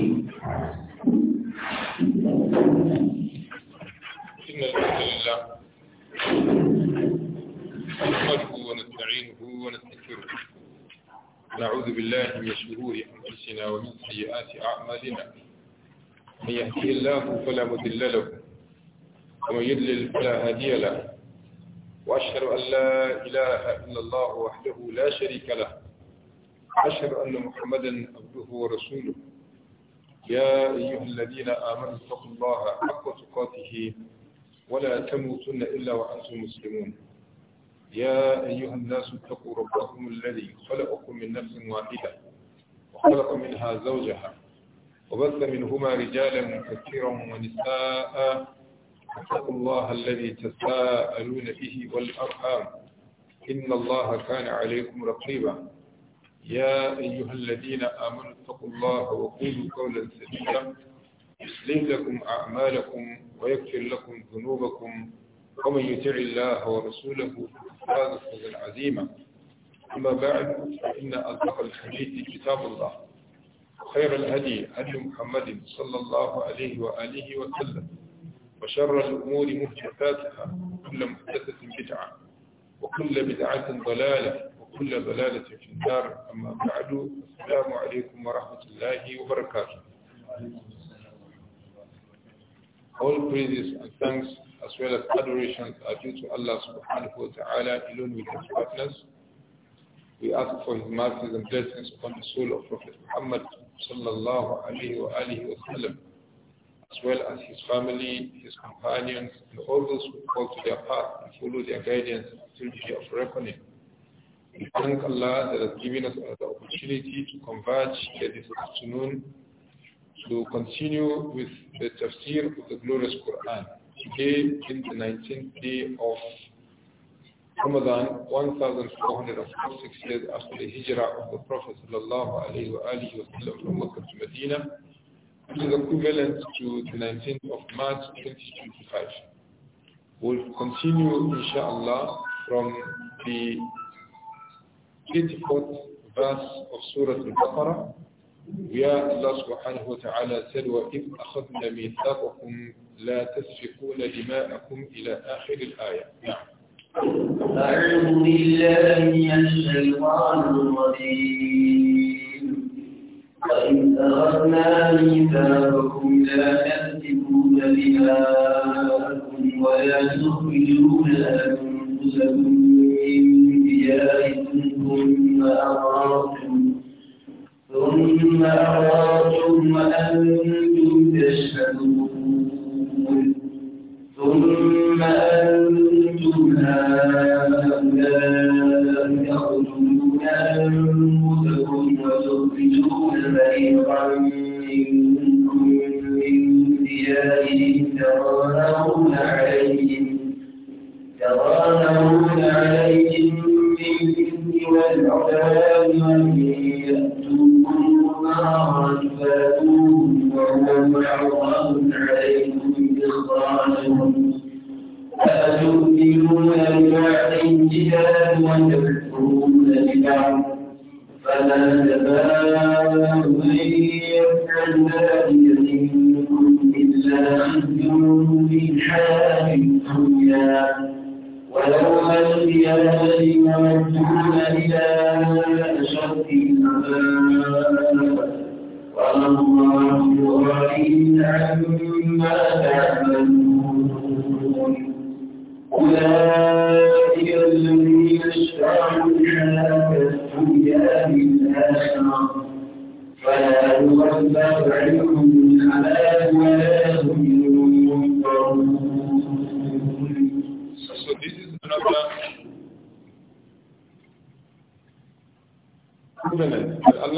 إن الحمد لله نحمده ونستعينه ونستغفره نعوذ بالله من شرور أنفسنا ومن سيئات أعمالنا من يهديه الله فلا مضل له ومن يضلل فلا هادي له وأشهد أن لا إله إلا الله وحده لا شريك له أشهد أن محمدا عبده ورسوله يا أيها الذين آمنوا اتقوا الله حق تقاته ولا تموتن إلا وأنتم مسلمون يا أيها الناس اتقوا ربكم الذي خلقكم من نفس واحدة وخلق منها زوجها وبث منهما رجالا كثيرا ونساء اتقوا الله الذي تساءلون به والأرحام إن الله كان عليكم رقيبا يا أيها الذين آمنوا اتقوا الله وقولوا قولا سديدا يصلح لكم أعمالكم ويغفر لكم ذنوبكم ومن يطع الله ورسوله فاز فوزا عظيما أما بعد فإن أصدق الحديث كتاب الله خير الهدي هدي محمد صلى الله عليه وآله وسلم وشر الأمور محدثاتها كل محدثة بدعة وكل بدعة ضلالة وكل ضلالة في النار أما بعد السلام عليكم ورحمة الله وبركاته All praises and thanks as well as adorations are due to Allah subhanahu wa ta'ala alone with his partners. We ask for his mercies and blessings upon the soul of Prophet Muhammad sallallahu alayhi wa alihi wa sallam as well as his family, his companions, and all those who fall to their path and follow their guidance until the day of reckoning. We thank Allah that has given us the opportunity to converge here this afternoon to continue with the tafsir of the glorious Quran. Today in the 19th day of Ramadan, 1,446 years after the hijrah of the Prophet وسلم, from Mecca to Medina, which is equivalent to the 19th of March 2025. We'll continue, inshallah, from the 84 باس verse of Surah Al-Baqarah, سبحانه وتعالى subhanahu wa وَإِذْ أَخَذْنَا مِيثَاقَكُمْ لَا تَسْفِكُونَ دِمَاءَكُمْ إِلَى آخِرِ الْآيَةِ نعم أعوذ بالله من الشيطان الرجيم وإذ أخذنا ميثاقكم لا تسفكون دماءكم ولا تخرجون أنفسكم من ديارهم ثم أغرقتم ثم أغرقتم وأنتم تشهدون ثم أنتم هؤلاء تقتلون أنفسكم وتخرجون منكم من عليهم من العذاب يأتوكم نارا فاتوهم وهم فلا تباءوا أن يفعل ذلك منكم إلا خزي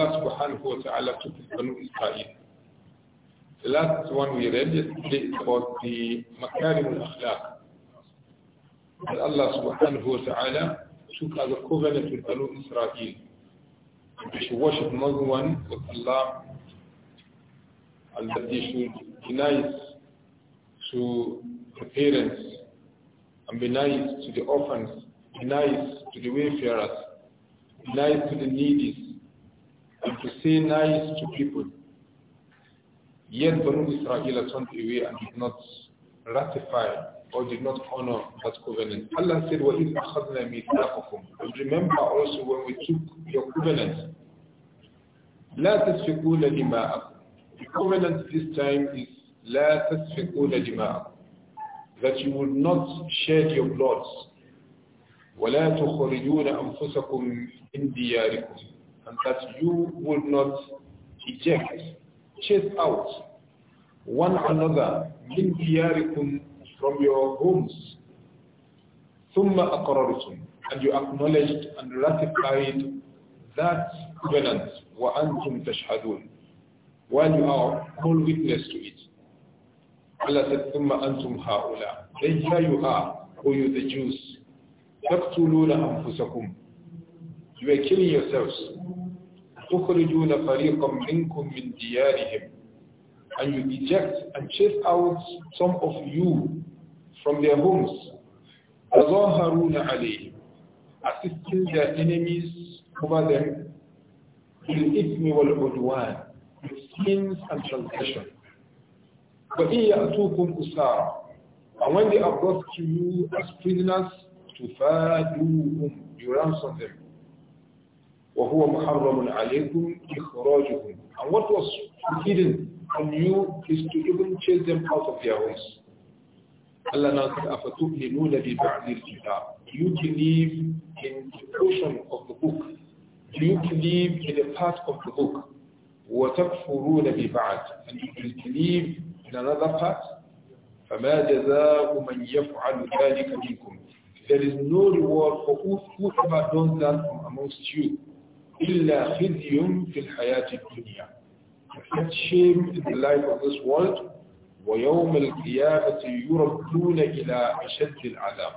Allah subhanahu wa ta'ala took his Banu Israel. The last one we read yesterday is about the Makarim al-Akhlaq. That Allah subhanahu wa ta'ala took as a covenant with Banu Israel. They should worship no one but Allah and that they should be nice to the parents and be nice to the orphans, be nice to the wayfarers, be nice to the needy, and to say nice to people. Yet Banu Israel turned away and did not ratify or did not honor that covenant. Allah said, Wa أَخَذْنَا remember also when we took your covenant. La تَسْفِقُونَ دِمَاءَكُمْ The covenant this time is La تَسْفِقُونَ دِمَاءَكُمْ That you will not shed your blood. وَلَا تُخْرِجُونَ anfusakum مِنْ and that you would not eject, chase out one another min diyarikum from your homes. thumma أَقْرَرْتُمْ And you acknowledged and ratified that covenant wa وَأَنْتُمْ tashhadun, While you are all witness to it. Allah said, ثُمَّ أَنْتُمْ هَؤُلَاء Then here you are, who you the Jews. تَقْتُلُونَ أَنفُسَكُمْ You are killing yourselves. تخرجون فريقا منكم من ديارهم and you eject and chase out some of you from their homes تظاهرون عليهم assisting their enemies over them بالإثم والعدوان with sins and transgression وإن يأتوكم أسارى and when they are brought to you as prisoners تفادوهم you ransom them وَهُوَ مُحَرَّمٌ عَلَيْكُمْ إِخْرَاجُهُمْ And what was forbidden from you is to even chase them out of their ways. Allah now أَفَتُؤْمِنُونَ بِبَعْدِ الْكِتَابِ You believe in the portion of the book. You believe in a part of the book. وَتَكْفُرُونَ بِبَعْدِ And you believe in another part. فَمَا جَزَاءُ مَنْ يَفْعَلُ ذَلِكَ مِنْكُمْ There is no reward for whoever does that from amongst you. إِلَّا خِذْيٌ فِي الْحَيَاةِ الدُّنْيَا Except shame in the life of this world, وَيَوْمَ الْقِيَامَةِ يُرَدُّونَ إِلَىٰ أَشَدِّ الْعَذَابِ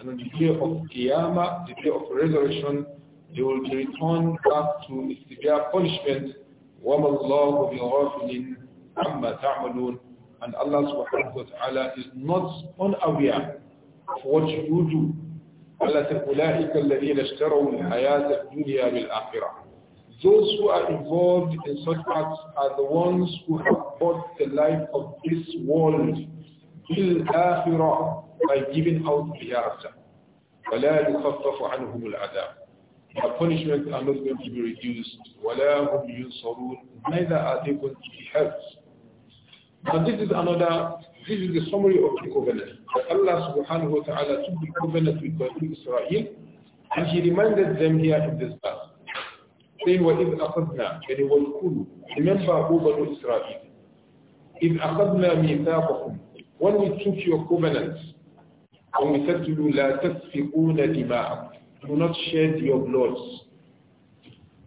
And on the day of Qiyamah, the day of resurrection, they will be returned back to severe punishment. وَمَا اللَّهُ بِغَافِلٍ عَمَّا تَعْمَلُونَ And Allah subhanahu wa ta'ala is not unaware of what you do Allah said, أُولَٰئِكَ الَّذِينَ الْحَيَاةَ الدُّنْيَا بِالْآخِرَةِ Those who are involved in such acts are the ones who have bought the life of this world بِالْآخِرَةِ by giving out the hereafter. فَلَا يُخَفَّفُ عَنْهُمُ الْعَذَابِ Their punishments are not going to be reduced. وَلَا هُمْ يُنصَرُونَ Neither are they going to be helped. And this is another, this is the summary of the covenant that Allah subhanahu wa ta'ala took the covenant with Bani Israel and he reminded them here in this verse. Saying, وَإِذْ أَخَذْنَا يعني وَالْكُلُ Remember, O Bani Israel, إِذْ أَخَذْنَا مِيثَاقَكُمْ When we took your covenant, and we said to you, لَا تَسْفِقُونَ دِمَاءَكُمْ Do not shed your bloods.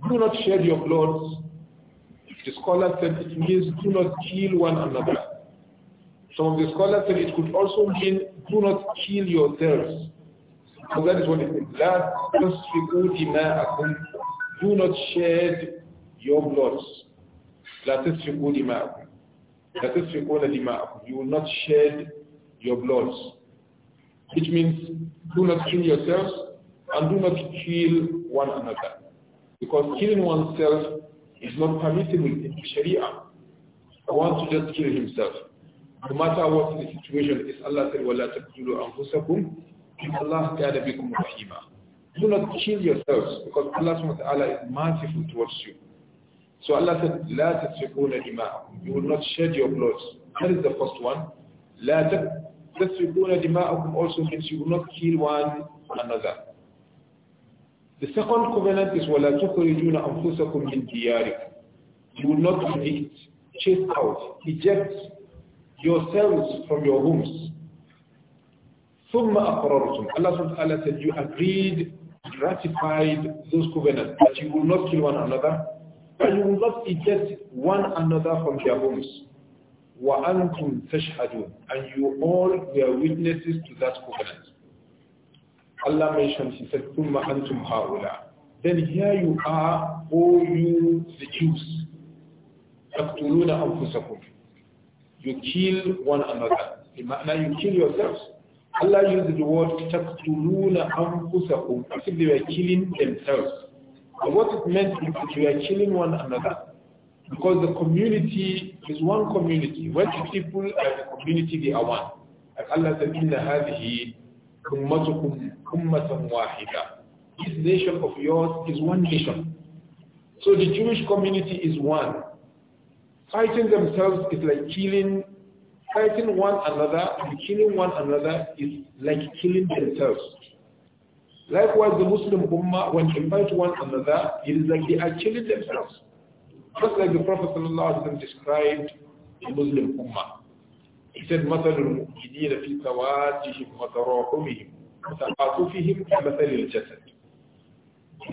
Do not shed your bloods. The scholar said it means do not kill one another. Some of the scholars said it could also mean do not kill yourselves. So that is what it means. La tasfiku dima'akum. Do not shed your blood. La tasfiku That is La tasfiku dima'akum. You will not shed your blood. Which means do not kill yourselves and do not kill one another. Because killing oneself is not permissible in Sharia. I want to just kill himself no matter what the situation is, Allah said, وَلَا تَقْتُلُوا أَنفُسَكُمْ إِنَّ اللَّهَ كَانَ بِكُمْ رَحِيمًا Do not kill yourselves because Allah subhanahu is merciful towards you. So Allah said, لَا تَسْفِقُونَ دِمَاءَكُمْ You will not shed your blood. That is the first one. لَا تَسْفِقُونَ دِمَاءَكُمْ also means you will not kill one another. The second covenant is وَلَا تُخْرِجُونَ أَنفُسَكُمْ مِنْ دِيَارِكُمْ You will not evict, chase out, eject yourselves from your homes. ثُمَّ أَقْرَرْتُمْ Allah said, you agreed, ratified those covenants that you will not kill one another and you will not eject one another from their homes. وَأَنْتُمْ تَشْهَدُونَ And you all were witnesses to that covenant. Allah mentions, he said, ثُمَّ أَنْتُمْ هَؤُلَاءِ Then here you are, O you, the Jews. تَقْتُلُونَ أَنفُسَكُمْ you kill one another. Now you kill yourselves. Allah uses the word تَقْتُلُونَ أَنفُسَكُمْ as if they were killing themselves. But what it meant is that you are killing one another. Because the community is one community. When people are a community, they are one. And Allah said, إِنَّ هَذِهِ أُمَّتُكُمْ أُمَّةً وَاحِدًا This nation of yours is one nation. So the Jewish community is one. Fighting themselves is like killing, fighting one another and killing one another is like killing themselves. Likewise, the Muslim Ummah, when they fight one another, it is like they are killing themselves. Just like the Prophet ﷺ described the Muslim Ummah. He said, مَثَلُ الْمُؤْمِنِينَ فِي سَوَاتِهِمْ وَتَرَاحُمِهِمْ وَتَعَاطُفِهِمْ كَمَثَلِ الْجَسَدِ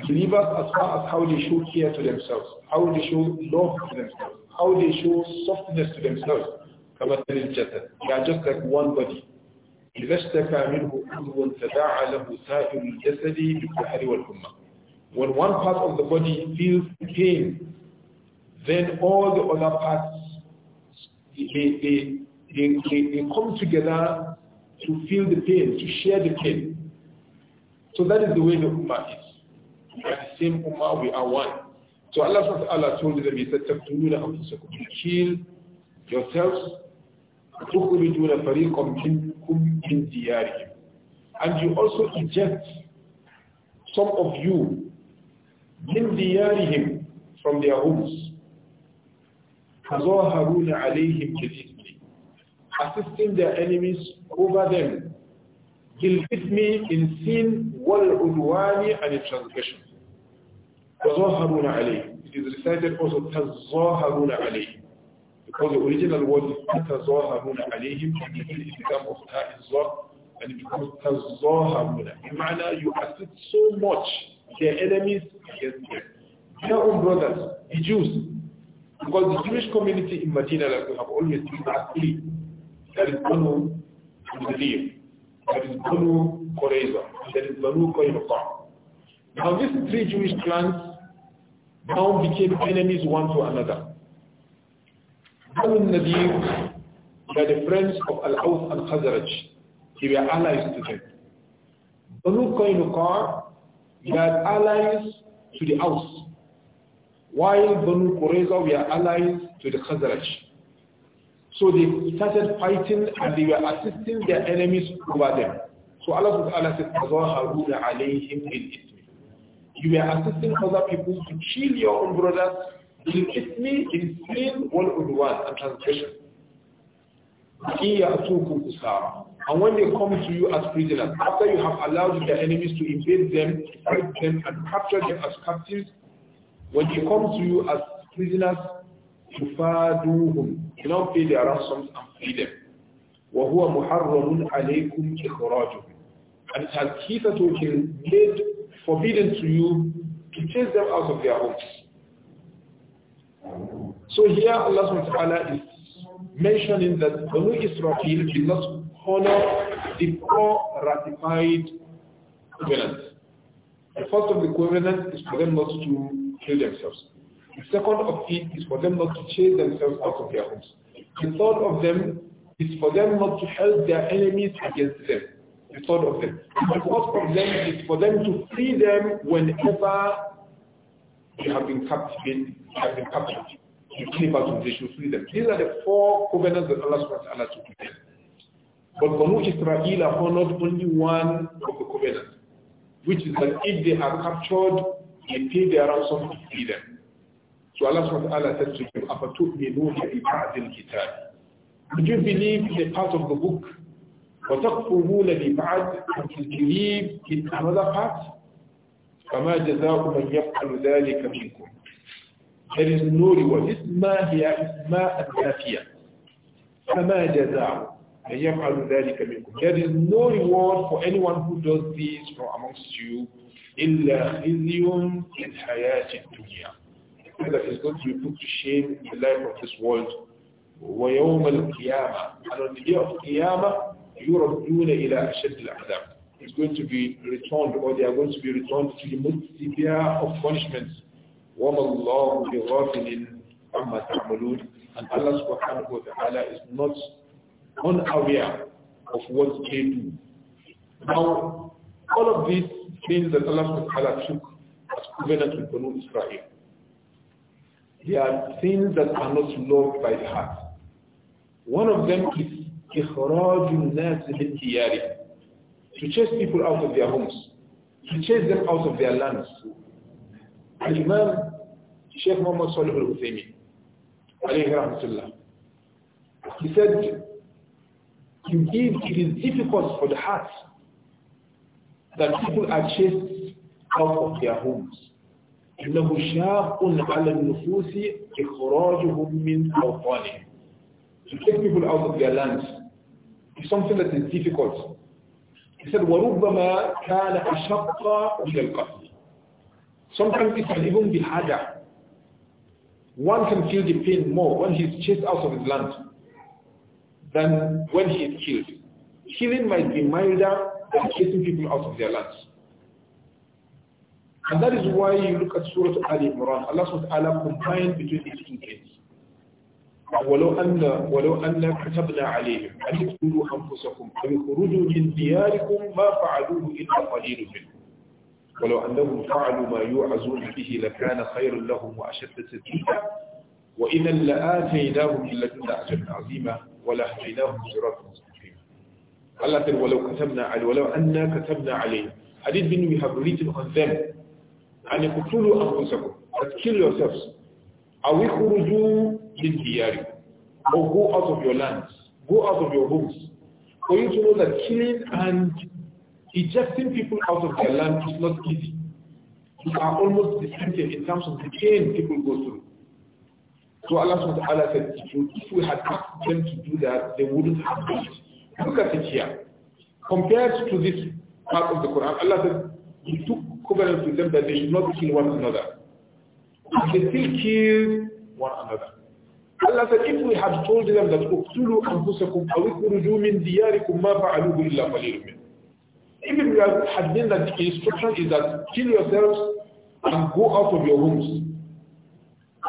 believers as far as how they show care to themselves, how they show love to themselves, how they show softness to themselves. They are just like one body. When one part of the body feels pain, then all the other parts they, they, they, they, come together to feel the pain, to share the pain. So that is the way the Ummah is. That same ummah, we are one. So Allah subhanahu wa ta'ala told them, He said, تَقْتُلُونَ أَنفُسَكُمْ You kill yourselves, تُخْرِجُونَ فَرِيقًا مِنْكُمْ مِنْ دِيَارِهِمْ And you also eject some of you, مِنْ دِيَارِهِمْ from their homes. تَظَاهَرُونَ عَلَيْهِمْ بِالْإِثْمِ Assisting their enemies over them. They'll me in sin والعدوان and the تظاهرون عليه it is recited also تظاهرون عليه because the original word تظاهرون عليهم and it is become of تظاهر and it becomes تظاهرون بمعنى you assist so much their enemies against them their own brothers the Jews because the Jewish community in Medina like we have always been as that is there is Banu and that is there is Banu Qurayza, and Banu Qaynuqa. Now these three Jewish clans now became enemies one to another. Banu Nadir were the friends of Al-Aus and Khazraj. They were allies to them. Banu Qaynuqa were allies to the Aus, while Banu Qurayza were allies to the Khazraj. So they started fighting and they were assisting their enemies over them. So Allah Ta'ala says, alayhim عَلَيْهِمْ بِالْإِثْمِ You are assisting other people to kill your own brothers بِالْإِثْمِ in sin wal-udwan and transgression. إِنْ يَأْتُوكُمْ كُسَارًا And when they come to you as prisoners, after you have allowed their enemies to invade them, fight them, and capture them as captives, when they come to you as prisoners, تُفَادُوهُمْ You not pay their ransoms and free them. وَهُوَ مُحَرَّمٌ عَلَيْكُمْ إِخْرَاجُهُمْ and it has hitherto been made forbidden to you to chase them out of their homes. So here Allah Taala is mentioning that Banu Israel did not honor the four ratified covenants. The first of the covenant is for them not to kill themselves. The second of it is for them not to chase themselves out of their homes. The third of them is for them not to help their enemies against them the third of them. But what from them is for them to free them whenever they have been captured. Have been captured. They should free them. These are the four covenants that Allah subhanahu Allah to give. with them. But Banu Israel are not only one of the covenants, which is that if they are captured, they pay their ransom to free them. So Allah subhanahu wa ta'ala said to them, أَفَتُؤْمِنُونَ بِبَعْدِ الْكِتَابِ Would you believe in a part of the book وتقبلون لبعض وتجريب إن أنظفت فما جزاء من يفعل ذلك منكم خير النور والإسماء هي إسماء النافية فما جزاء من يفعل ذلك منكم There is no reward for anyone who does this from amongst you إلا خزي في الحياة الدنيا that is going to be put to shame in the life of this world ويوم القيامة and on the يردون إلى أشد العذاب is going to be returned or they are going to be returned to the most severe of punishments. وَمَا اللَّهُ بِغَافِلٍ عَمَّا تَعْمَلُونَ And Allah subhanahu wa ta'ala is not unaware of what they do. Now, all of these things that Allah subhanahu wa ta'ala took as covenant with Banu Israel, they are things that are not loved by the heart. One of them is إخراج الناس to chase people out of their homes, to chase them out of their lands. Al-Imam Sheikh Muhammad Salih al-Uthaymin, alayhi he said, "Indeed, it is difficult for the heart that people are chased out of their homes. إنه شاق على النفوس إخراجهم من أوطانهم. To take people out of their lands, is something that is difficult. He said, وَرُبَّمَا كَانَ أَشَقَّ مِنَ الْقَتْلِ Sometimes it can even be harder. One can feel the pain more when he is chased out of his land than when he is killed. Killing might be milder than chasing people out of their lands. And that is why you look at Surah Al Imran, Allah subhanahu wa ta'ala combined between these two things. ولو أن ولو أن كتبنا عليهم أن يقتلوا أنفسكم أو يخرجوا من دياركم ما فعلوه إلا قليل منهم ولو أنهم فعلوا ما يوعزون به لكان خيرا لهم وأشد تدريبا وإذا لآتيناهم من لدنا أجرا عظيما ولهديناهم صراطا مستقيما الله ولو كتبنا عليهم ولو أن كتبنا عليهم حديث بن we have written on them أن يقتلوا أنفسكم but kill yourselves أو يخرجوا In the area, Or go out of your lands. Go out of your homes. For you to know that killing and ejecting people out of their land is not easy. We are almost the same in terms of the pain people go through. So Allah subhanahu wa said, if we had asked them to do that, they wouldn't have done it. Look at it here. Compared to this part of the Quran, Allah said, He took covenant with them that they should not kill one another. And they still killed one another. Allah said, if we have told them that uqtulu anfusakum aw ikhruju min diyarikum ma fa'aluhu illa qalilun If it had been that the instruction is that kill yourselves and go out of your homes,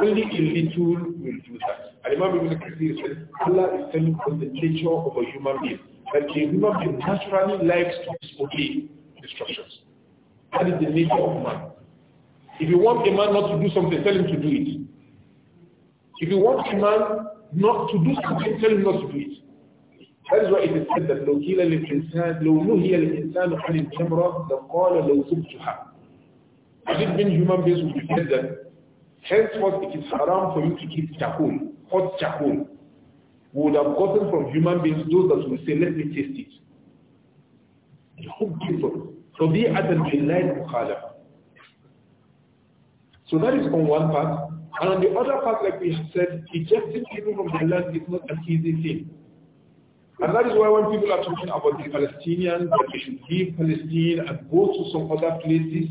only a little will do that. And Imam Ibn Kathir said, Allah is telling us the nature of a human being, that a human being naturally likes to disobey instructions. That is the nature of man. If you want a man not to do something, tell him to do it. If you want a man not to do something, tell him not to do it. That is why it is said that لو كيل الإنسان لو نهي الإنسان عن الجمرة لقال لو زبتها. Has it been human beings who said that henceforth it is haram for you to eat charcoal, hot charcoal? We would have gotten from human beings those that will say, let me taste it. The the so they So that is on one part. And on the other part, like we have said, ejecting people from their land is not an easy thing. And that is why when people are talking about the Palestinians, that they should leave Palestine and go to some other places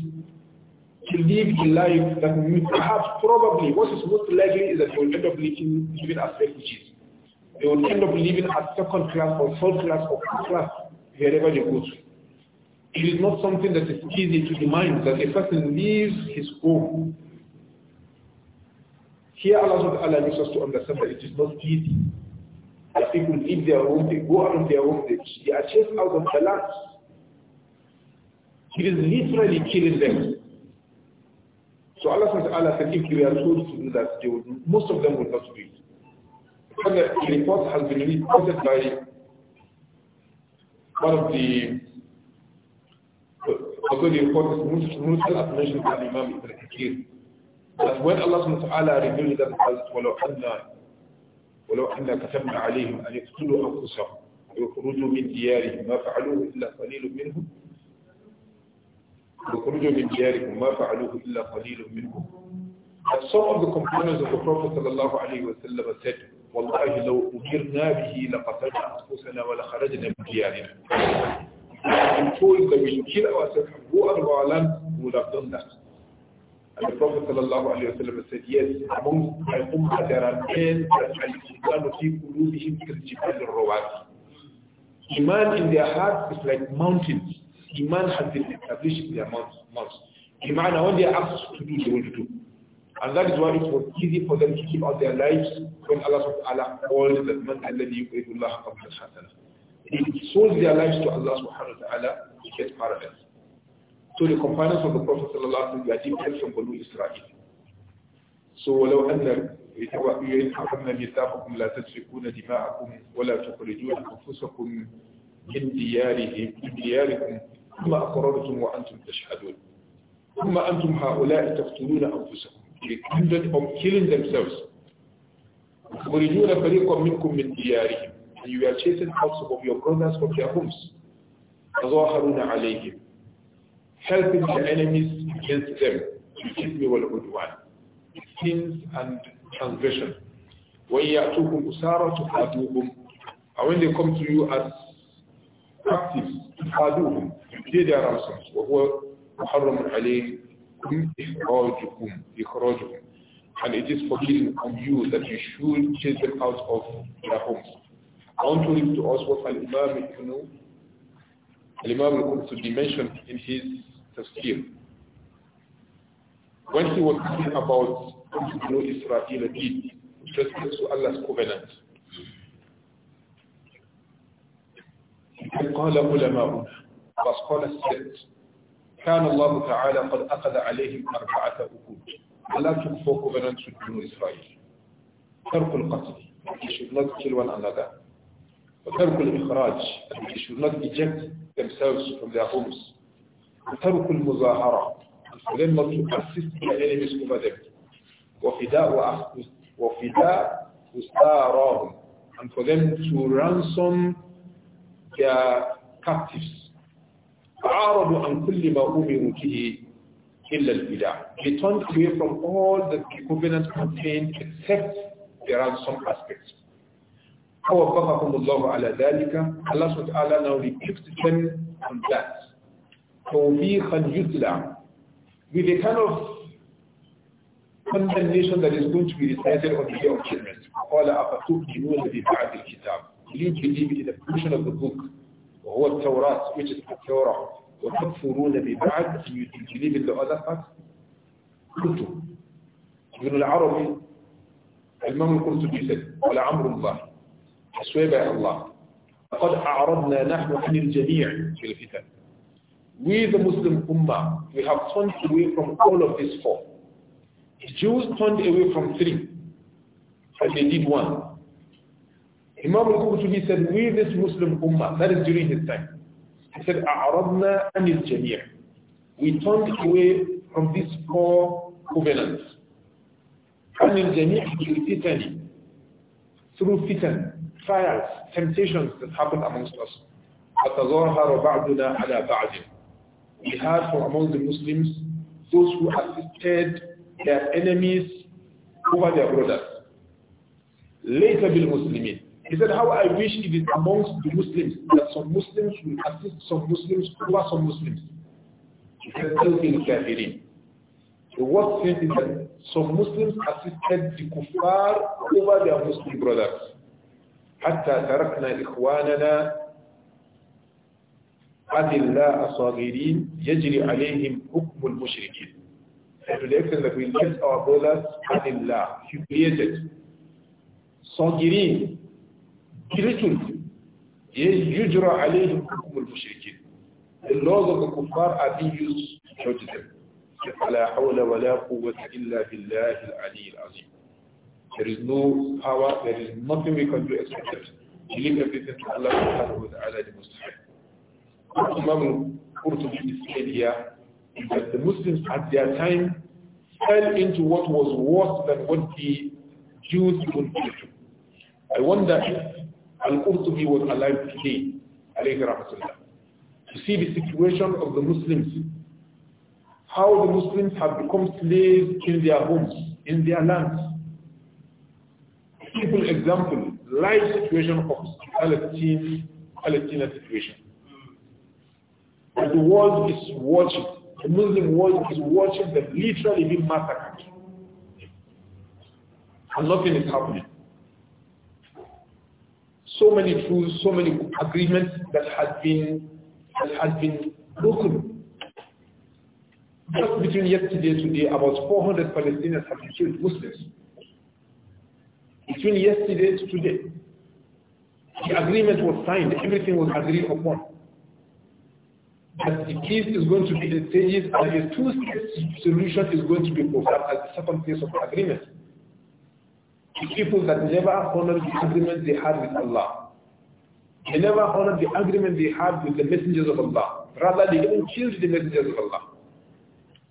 to live a life that perhaps, probably, what is most likely is that they will end up living, living as refugees. They will end up living as second class or third class or fourth class wherever they go to. It is not something that is easy to the mind that a person leaves his home here Allah subhanahu makes us to understand that it is not easy. As people leave their home, they go out of their home, they are chased out of the land. It is literally killing them. So Allah subhanahu said if they are told to do that, would, most of them would not do it. And the report has been reported by one of the although the report is Musa al-Imam Ibn Kathir But when Allah subhanahu wa ta'ala revealed them as وَلَوْ أَنَّا وَلَوْ أَنَّا كَتَبْنَا عَلَيْهِمْ أَنْ يَقْتُلُوا أَنفُسَهُمْ وَيَخْرُجُوا مِنْ دِيَارِهِمْ مَا فَعَلُوهُ إِلَّا قَلِيلٌ مِنْهُمْ وَيَخْرُجُوا مِنْ دِيَارِهِمْ مَا فَعَلُوهُ إِلَّا قَلِيلٌ مِنْهُمْ And some of the companions of the Prophet sallallahu alayhi wa sallam said, وَاللَّهِ لَوْ أُمِرْنَا بِهِ لَقَتَلْنَا أَنفُسَنَا وَلَخَرَجْنَا مِنْ دِيَارِنَا And told that we should kill ourselves and go out of our land, would have done that. And the Prophet ﷺ said, yes, among my ummah there are men that al-Iman fi qulubihim kal-jibal al Iman in their hearts is like mountains. Iman has been established in their mouths. Iman, when they are asked to do, they will do. And that is why it was easy for them to keep out their lives when Allah subhanahu wa ta'ala called that man alladhi yuqridullah qabla al-hasana. They sold their lives to Allah subhanahu wa ta'ala to get paradise. So the companions of the Prophet ﷺ were different from Banu Israel. So ولو أن يتحمل ميثاقكم لا تسفكون دماءكم ولا تخرجون أنفسكم من ديارهم من دياركم ثم أقررتم وأنتم تشهدون ثم أنتم هؤلاء تقتلون أنفسكم They ended on killing themselves. تخرجون فريقا منكم من ديارهم and you are chasing out some of your brothers from their homes. تظاهرون عليهم helping the enemies against them, الإثم والعدوان, sins and transgression. When يأتوكم أسارة تفادوهم, and when they come to you as captives, تفادوهم, pay their ransoms, وهو محرم عليكم إخراجكم, إخراجكم. And it is forbidden on you that you should chase them out of their homes. I want to read to us what Al-Imam Ibn Al-Imam Al-Qurtubi mentioned in his when he was talking about what Israel did with respect to Allah's covenant, قال علماؤنا فقال السبت كان الله تعالى قد أخذ عليهم أربعة أكود Allah took four covenants with ترك القتل they should not kill one another. وترك الإخراج they should not eject themselves from their homes. ترك المظاهرة then to assist their enemies over وفداء and for them to ransom their captives أعرضوا عن كل ما أمروا به إلا they turned away from all the covenant contained except the ransom aspects. فوفقهم الله على ذلك Allah subhanahu wa ta'ala now rebukes them on that tawfiqan yutla with a kind of condemnation that is going to be recited on the day of judgment. قال أفتؤمنون ببعض الكتاب You believe in the portion of the book وهو التوراة which is التوراة وتكفرون ببعض and you believe in the other part كتب ابن العربي الإمام القرطبي said ولعمر الله I swear Allah لقد أعرضنا نحن عن الجميع في الكتاب we the Muslim Ummah, we have turned away from all of these four. The Jews turned away from three, and they did one. Imam al-Qurtubi said, we this Muslim Ummah, that is during his time, he said, أَعْرَضْنَا أَنِ الْجَمِيعِ We turned away from these four covenants. أَنِ الْجَمِيعِ بِالْفِتَنِ Through fitan, trials, temptations that happen amongst us. فَتَظَاهَرَ بَعْدُنَا عَلَى بَعْدٍ we had from among the Muslims those who assisted their enemies over their brothers. Later, the Muslimin. He said, how I wish it is amongst the Muslims that some Muslims will assist some Muslims over some Muslims. He said, the kafirin. The worst thing is that some Muslims assisted the kuffar over their Muslim brothers. حتى تركنا إخواننا أذلاء صاغرين yajri عليهم حكم المشركين the extent that we left our brothers أذلاء humiliated صاغرين belittled يجرى عليهم حكم mushrikin. The laws of the kuffar are being used to judge them فلا حول ولا قوة إلا بالله العلي العظيم There is no power, there is nothing we can do except that. leave everything to Allah subhanahu wa ta'ala the Most what Imam Qurtubi said here is that the Muslims at their time fell into what was worse than what the Jews even did. I wonder if Al-Qurtubi was alive today, alayhi rahmatullah, to see the situation of the Muslims, how the Muslims have become slaves in their homes, in their lands. Simple example, life situation of Palestine, Palestinian situation that the world is watching, the Muslim world is watching them literally being massacred. And nothing is happening. So many truths, so many agreements that had been that had been broken. Just between yesterday and today, about 400 Palestinians have been killed, Muslims. Between yesterday to today, the agreement was signed, everything was agreed upon that the case is going to be the stages uh, and a two-state solution is going to be proposed as the second phase of agreement. The people that never honored the agreement they had with Allah, they never honored the agreement they had with the messengers of Allah. Rather, they even killed the messengers of Allah.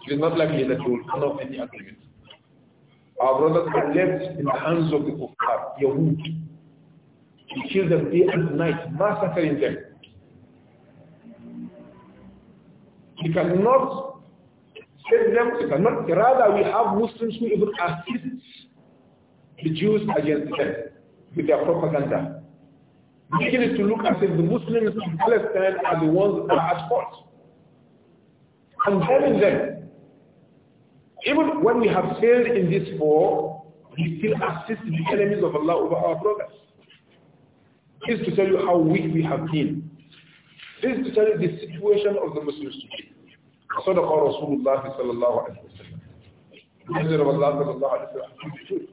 It is not likely that you will honor any agreement. Our brothers are left in the hands of the kuffar, Yahud. He killed them day and night, massacring them. We cannot save them, we cannot. Rather, we have Muslims who even assist the Jews against them with their propaganda. Making it to look as if the Muslims in Palestine are the ones that are at fault. Condemning them. Even when we have failed in this war, we still assist the enemies of Allah over our brothers. This is to tell you how weak we have been. This is to tell you the situation of the Muslims today. صدق رسول الله صلى الله عليه وسلم رسول الله صلى الله عليه وسلم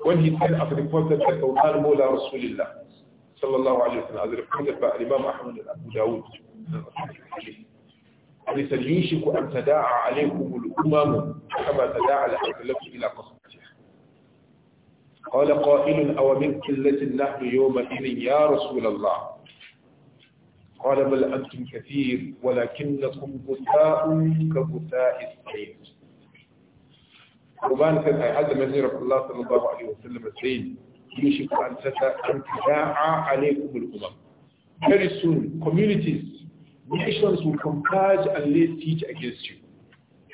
when he said as reported by Sultan Mawla Rasulullah صلى الله عليه وسلم as reported by Imam Ahmad and Abu Dawud and يوشك أن تداعى عليكم الأمم كما تداعى لأسلمت إلى قصبتها قال قائل أو من قلة نحن يومئذ يا رسول الله قال بل أنتم كثير ولكنكم بثاء كبثاء السيل ربان كان هذا من رسول الله صلى الله عليه وسلم السيل يوشك أن أنت تداعى عليكم الأمم Very soon, communities, nations will converge and lay siege against you.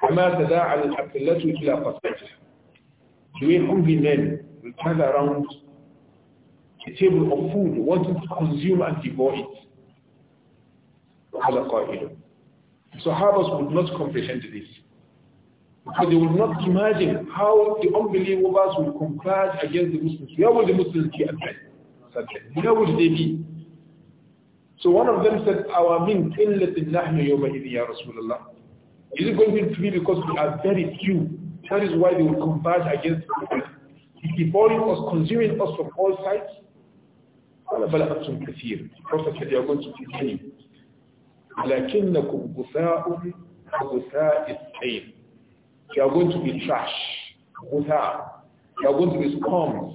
كما تداعى الأقلة إلى قصتها. The way hungry men will turn around a table of food wanting to consume and devour it. Sahabas would not comprehend this. Because they would not imagine how the unbelievers will converge against the Muslims. Where will the Muslims be addressed? Where will they be? So one of them said, Our min qillatin nahnu yawma'idhi ya Rasulullah. Is it going to be because we are very few? That is why they will converge against us. Devouring us, consuming us from all sides. The Prophet said, they are going to be many. لكنكم غثاء غثاء الطين you are going to be trash غثاء you are going to be scums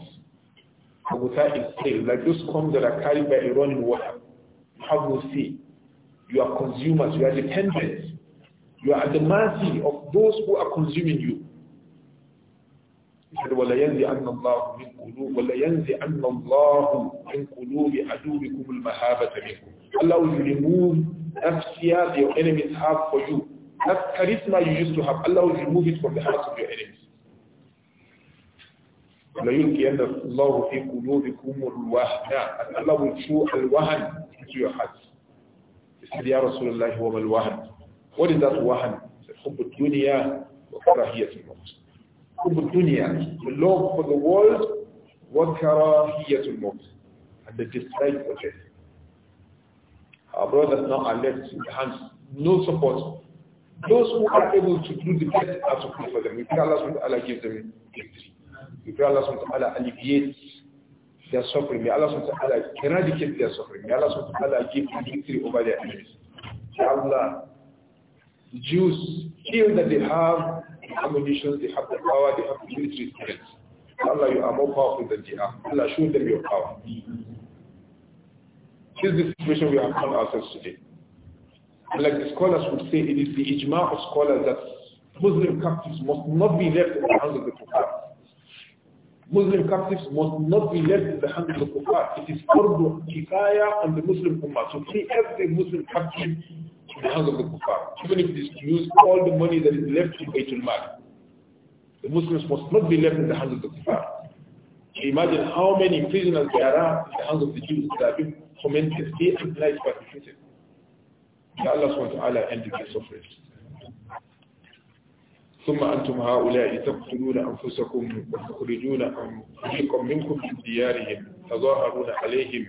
غثاء الطين like those scums that are carried by Iranian water have no say you are consumers you are dependent you are at the mercy of those who are consuming you ولينزعن الله من قلوب ولينزعن الله من قلوب عدوكم المهابة منكم Allah will remove that fear your enemies have for you, that charisma you used to have, Allah will remove it from the hearts of your enemies. لَيُلْقِيَنَّ اللَّهُ فِي قُلُوبِكُمُ And Allah will throw al-wahan into your hearts. He said, Ya Rasulullah, wa al-wahan. What is that wahan? He said, حُبُّ الدُّنْيَا وَكَرَهِيَةِ الْمَوْتِ حُبُّ الدُّنْيَا The love for the world وَكَرَهِيَةُ الْمَوْتِ And the dislike for death our brothers now are left hands, no support. Those who are able to do the best are to pray for them. We pray Allah subhanahu wa ta'ala gives them victory. We pray Allah subhanahu wa ta'ala alleviates their suffering. May Allah subhanahu wa ta'ala eradicate their suffering. May Allah subhanahu wa ta'ala give them victory over their enemies. Allah, the Jews feel that they have the ammunition, they have the power, they have the military strength. Allah, you are more powerful than they are. Allah, show them your power. This is the situation we have found ourselves today. And like the scholars would say, it is the ijma of scholars that Muslim captives must not be left in the hands of the kuffar. Muslim captives must not be left in the hands of the kuffar. It is fardu kifaya on the Muslim ummah to so free every Muslim captive in the hands of the kuffar, even if it is to use all the money that is left in Baitul Mal. The Muslims must not be left in the hands of the kuffar. Imagine how many prisoners there are in the hands of the Jews that are being implies Allah end ثم أنتم هؤلاء تقتلون أنفسكم وتخرجون أنفسكم منكم ديارهم تظاهرون عليهم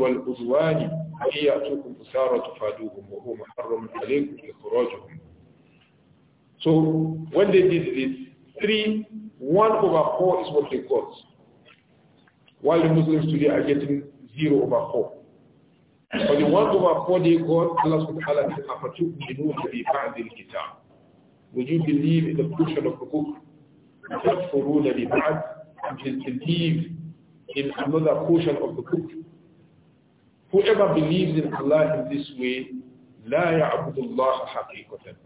والعدوان يأتوكم أسارى تفادوهم وهو محرم عليكم إخراجهم So when they did this, three, one over four is what they got. While the Muslims today are getting 0 over 4. For the 1 over 4 day God, Allah subhanahu wa ta'ala to said, أَفَتُؤْمِنُونَ بِبَعْدِ الْكِتَابِ Would you believe in the portion of the book? that تَكْفُرُونَ بِبَعْدِ And believe in another portion of the book. Whoever believes in Allah in this way, لا يعبد الله حقيقة.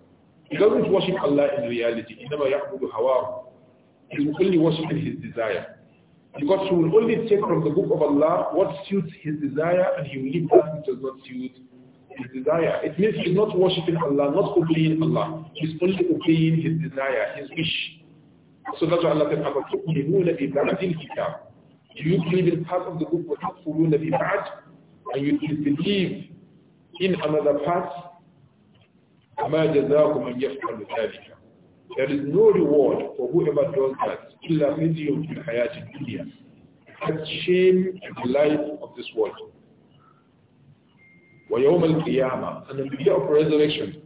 He doesn't worship Allah in reality. He never يعبد هواه. He only worships his desire. Because he will only take from the book of Allah what suits his desire and he will leave that which does not suit his desire. It means he's not worshipping Allah, not obeying Allah. He's only obeying his desire, his wish. So that's why Allah said, أَفَتُؤْمِنُونَ Do you believe in part of the book وَتَكْفُرُونَ part, And you disbelieve in another part? جَزَاكُمْ أَنْ ذَلِكَ there is no reward for whoever does that. Illa medium in hayati dunya. That's shame in the life of this world. al القيامة and on the day of resurrection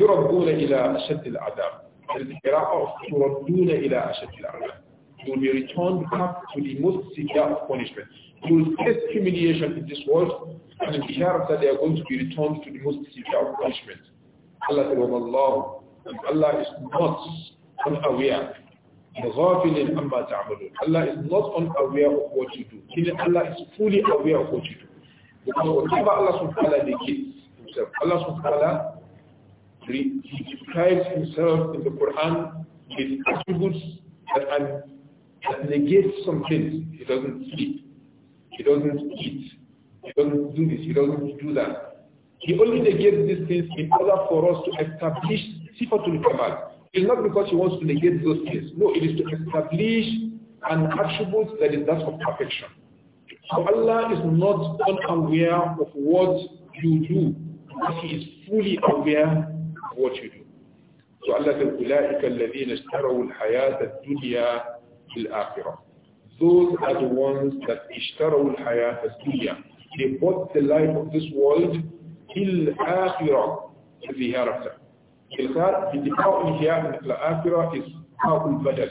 يردون إلى أشد العذاب القراءة of يردون إلى أشد العذاب You will be returned back to the most severe of punishment. You will face humiliation in this world and in the that they are going to be returned to the most severe of punishment. Allah said, that Allah is not unaware. غافل عما تعملون Allah is not unaware of what you do. Allah is fully aware of what you do. Because whatever Allah subhanahu wa gives himself, Allah subhanahu he describes himself in the Quran with attributes that, are, that negate some things. He doesn't sleep. He doesn't eat. He doesn't do this. He doesn't do that. He only negates these things in order for us to establish look at. It's not because he wants to negate those things. No, it is to establish an attribute that is that of perfection. So Allah is not unaware of what you do, but He is fully aware of what you do. So Allah says, Those are the ones that اشْتَرَوُا الْحَيَاةَ الدُّنْيَا They bought the life of this world, بِالْآخِرَةِ The hereafter. Jihad, the dikau in here in the akhirah is powerful badal.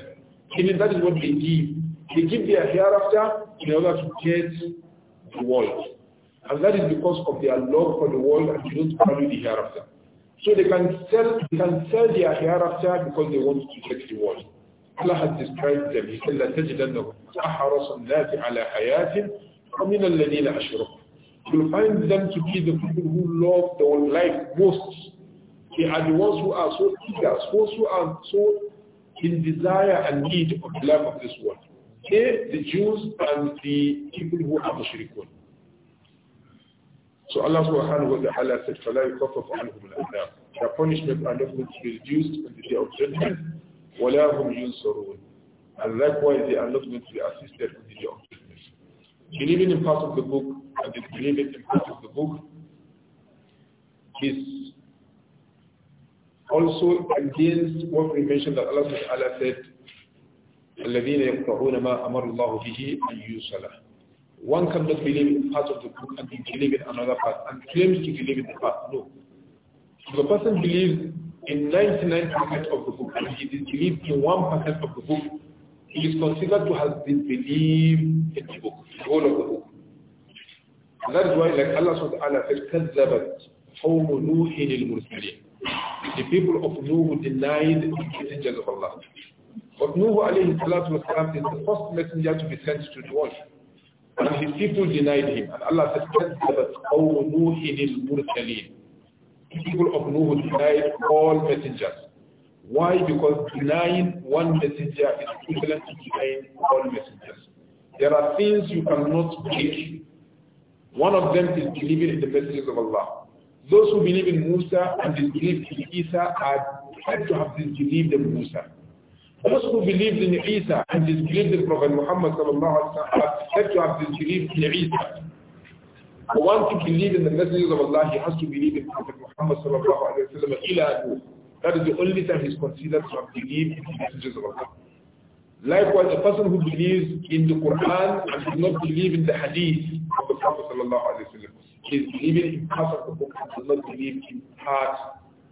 Meaning that is what they give. They give their hereafter in order to get the world. And that is because of their love for the world and they don't value the hereafter. So they can sell they can sell their hereafter because they want to get the world. Allah has described them. He said, لتجدنهم أَحْرَصَ النَّاسِ عَلَى حَيَاتٍ وَمِنَ الَّذِينَ أَشْرَكُوا You'll find them to be the people who love their life most they are the ones who are so eager, those who are so in desire and need of the life of this world. They, the Jews and the people who are mushrikun. So Allah subhanahu wa ta'ala said, فَلَا يُخَفَفْ عَنْهُمُ الْعَذَابُ Their punishment and not going be reduced on the day of judgment. وَلَا هُمْ يُنصَرُونَ And likewise, they are not going to be assisted on the day of judgment. Believing in part of the book and disbelieving in part of the book is also against what we mentioned that Allah Ta'ala said, الَّذِينَ يَقْطَعُونَ مَا أَمَرُ اللَّهُ بِهِ أَنْ One cannot believe in part of the book and believe in another part and claims to believe in the part. No. If a person believes in 99% of the book and he disbelieves in 1% of the book, he is considered to have disbelieved in the book, the whole of the book. And that is why like Allah Subhanahu wa Ta'ala said, كَذَّبَتْ قَوْمُ نُوحٍ الْمُرْسَلِينَ the people of Nuh denied the messengers of Allah. But Nuh alayhi salatu wasalam is the first messenger to be sent to the world. And his people denied him. And Allah said, that The people of Nuh denied all messengers. Why? Because denying one messenger is equivalent to denying all messengers. There are things you cannot take. One of them is believing in the messages of Allah. Those who believe in Musa and disbelieve in Isa are said to have disbelieved in Musa. Those who believed in Isa and disbelieved in Prophet Muhammad are said to have disbelieved in Isa. The one to believe in the messengers of Allah, he has to believe in Prophet Muhammad sallallahu That is the only time he is considered to have believed in the messengers of Allah. Likewise, a person who believes in the Quran and does not believe in the Hadith of the Prophet sallallahu is believing in part of the book and does not believe in part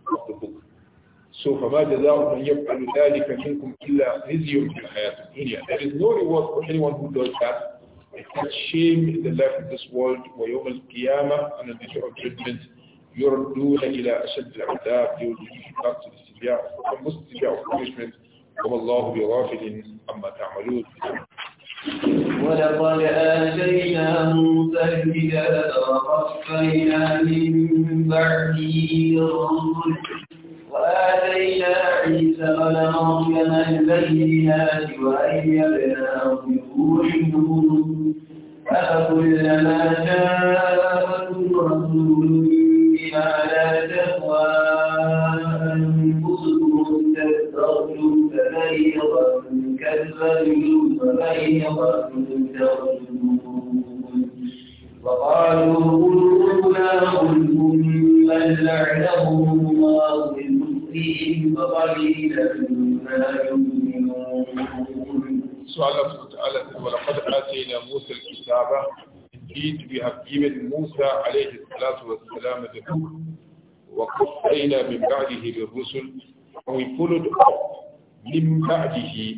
of the book. So فَمَا جَزَاءُ مَنْ يَفْعَلُ ذَلِكَ مِنْكُمْ إِلَّا خِزْيٌ فِي الْحَيَاةِ الدُّنْيَا There is no reward for anyone who does that except shame in the life of this world وَيَوْمَ الْقِيَامَةِ and on the day of judgment يُرَدُّونَ إِلَى أَشَدِّ الْعَذَابِ They will be given back to the severe, the most severe of punishment وَاللَّهُ بِغَافِلٍ عَمَّا تَعْمَلُونَ ولقد آتينا موسى الكتاب وقفينا من بعده الرسل وآتينا عيسى بن مريم البينات وأيدناه بروح القدس أفكلما جاءكم رسول بما لا تهوى سؤال الله تعالى ولقد آتينا موسى الكتابة جئت بهبيم موسى عليه الصلاة والسلام the book وقفينا من بعده للرسل and we followed من بعده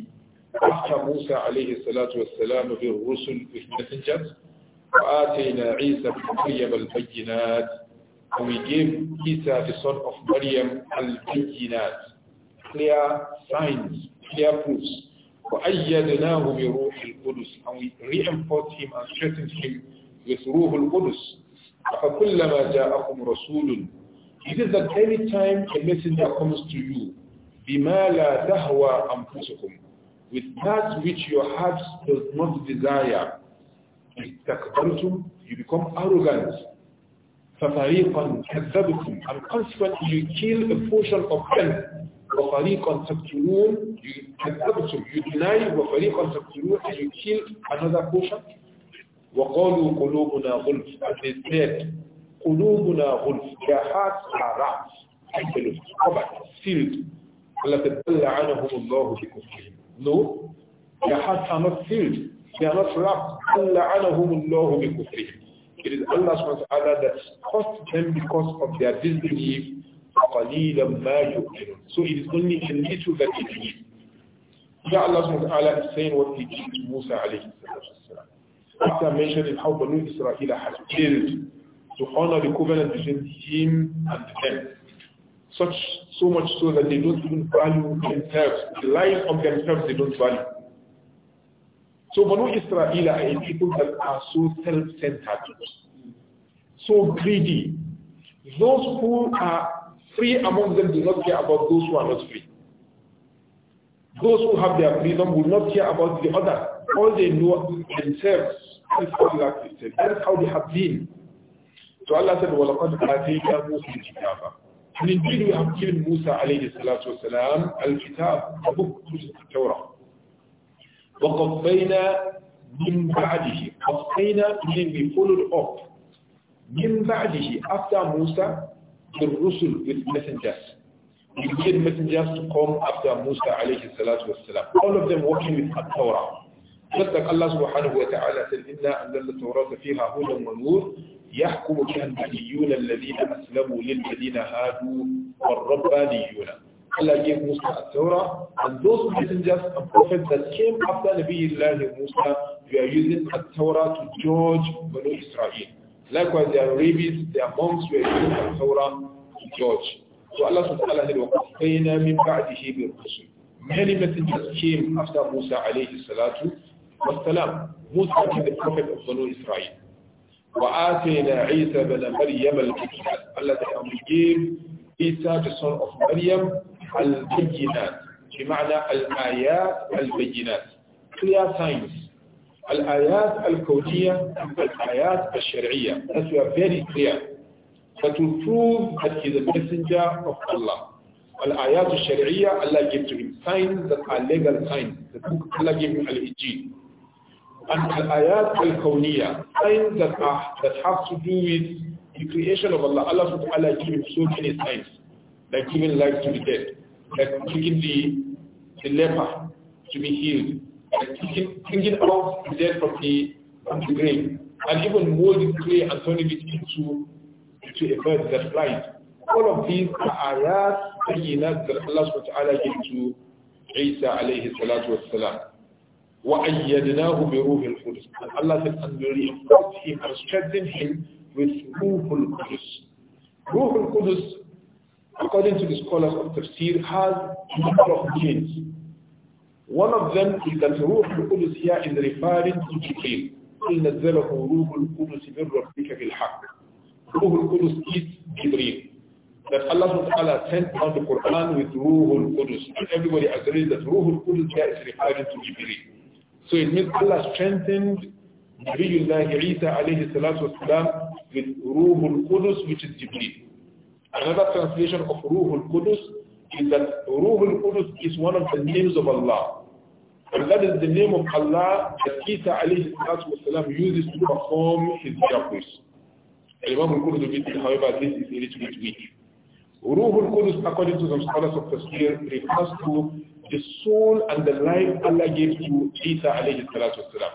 وَآتَيْنَا عِيسَى مَرْيَمَ الْبَيِّنَاتِ we gave Isa, the son of Maryam, al clear signs, clear proofs. وَأَيَّدْنَاهُ بِرُوحِ الْقُدُسِ And we reinforced him and strengthened him with Ruh al-Qudus. جَاءَكُمْ رَسُولٌ It is that any time a messenger comes to you, بِمَا لَا تَهْوَى أَنفُسُكُمْ with that which your heart does not desire. تَكْبَرْتُمْ You become arrogant. فَفَرِيقًا كَذَّبْتُمْ And consequently you kill a portion of them. وَفَرِيقًا تَقْتُلُونَ You كَذَّبْتُمْ You deny وَفَرِيقًا تَقْتُلُونَ And you kill another portion. وَقَالُوا قُلُوبُنَا غُلْفٌ And they said, قُلُوبُنَا غُلْفٌ Their hearts are wrapped. Sealed. وَلَقَدْ عَنَهُمُ اللَّهُ بِكُفْرِهِمْ no, their hearts are not filled. They are not wrapped. It is Allah SWT that caused them because of their disbelief. So it is only a little that they believe. Here Allah SWT is saying what he did to Musa alayhi After mentioning how Banu Israel has failed to honor the covenant between him and them. Such so much so that they don't even value themselves. The life of themselves they don't value. So Banu Israel are a people that are so self-centered, so greedy. Those who are free among them do not care about those who are not free. Those who have their freedom will not care about the other. All they know themselves is That is how they have been. So Allah said, and indeed we have given Musa alayhi salatu wasalam al-kitab, the book, of the Torah. وَقَفَّيْنَا مِنْ بَعْدِهِ قَفَّيْنَا meaning we followed up. مِنْ بَعْدِهِ After Musa, the Rusul with messengers. We made messengers to come after Musa alayhi salatu wasalam. All of them working with the Torah. Just like Allah subhanahu wa ta'ala said, إِنَّا أَنزَلْنَا التَّوْرَاةَ فِيهَا هُدًى وَنُورٌ يحكم بها النبيون الذين أسلموا للذين هادوا والربانيون Allah gave Musa a Torah, and those messengers and prophets that came after Nabi Allah We are using the Torah to judge Banu Israel. Likewise, their rabbis, their monks were using the Torah to judge. So Allah subhanahu said, وَقَفَيْنَا مِنْ بَعْدِهِ بِالْرُسُلِ Many messengers came after Musa عليه salatu wasalam. Musa is the prophet of Banu Israel. وآتينا عيسى بن مريم الكتاب الذي أمجيب عيسى the son of مريم البينات بمعنى الآيات البينات clear signs الآيات الكونية الآيات الشرعية that we are very clear but to prove that he is a messenger of Allah الآيات الشرعية Allah gave to him signs that are legal signs the book Allah gave him al-Ijib and al-ayat al-kawniyah, signs that, are, that have to do with the creation of Allah. Allah subhanahu wa ta'ala gave so many signs, like giving life to the dead, like taking the, the leper to be healed, like taking, bringing out the dead from the, from the grave, and even molding clay and turning it into, into a bird that flies. All of these are ayat, ayinat that Allah subhanahu wa ta'ala gave to Isa alayhi salatu wa salam. وَأَيَّدْنَاهُ بِرُوحِ الْقُدُسِ And Allah said, and we reinforced him and strengthened him with Ruh al-Qudus. Ruh according to the scholars of Tafsir, has a number of meanings. One of them is that Ruh al-Qudus here is referring to Jibreel. قل نزله روح القدس من ربك بالحق. Ruh al-Qudus is Jibreel. That Allah SWT sent down the Quran with Ruh al-Qudus. And everybody agrees that Ruhul al-Qudus here is referring to Jibreel. So it means Allah strengthened Nabiullah Isa alayhi salatu with Ruhul Qudus, which is Jibreel. Another translation of Ruhul Qudus is that Ruhul Qudus is one of the names of Allah. And that is the name of Allah that Isa alayhi salatu uses to perform his miracles. Imam al-Qurdubi however, this is a little bit weak. Ruhul Qudus, according to some scholars of Tafsir, refers to the soul and the life Allah gave to Isa alayhi salatu wasalam.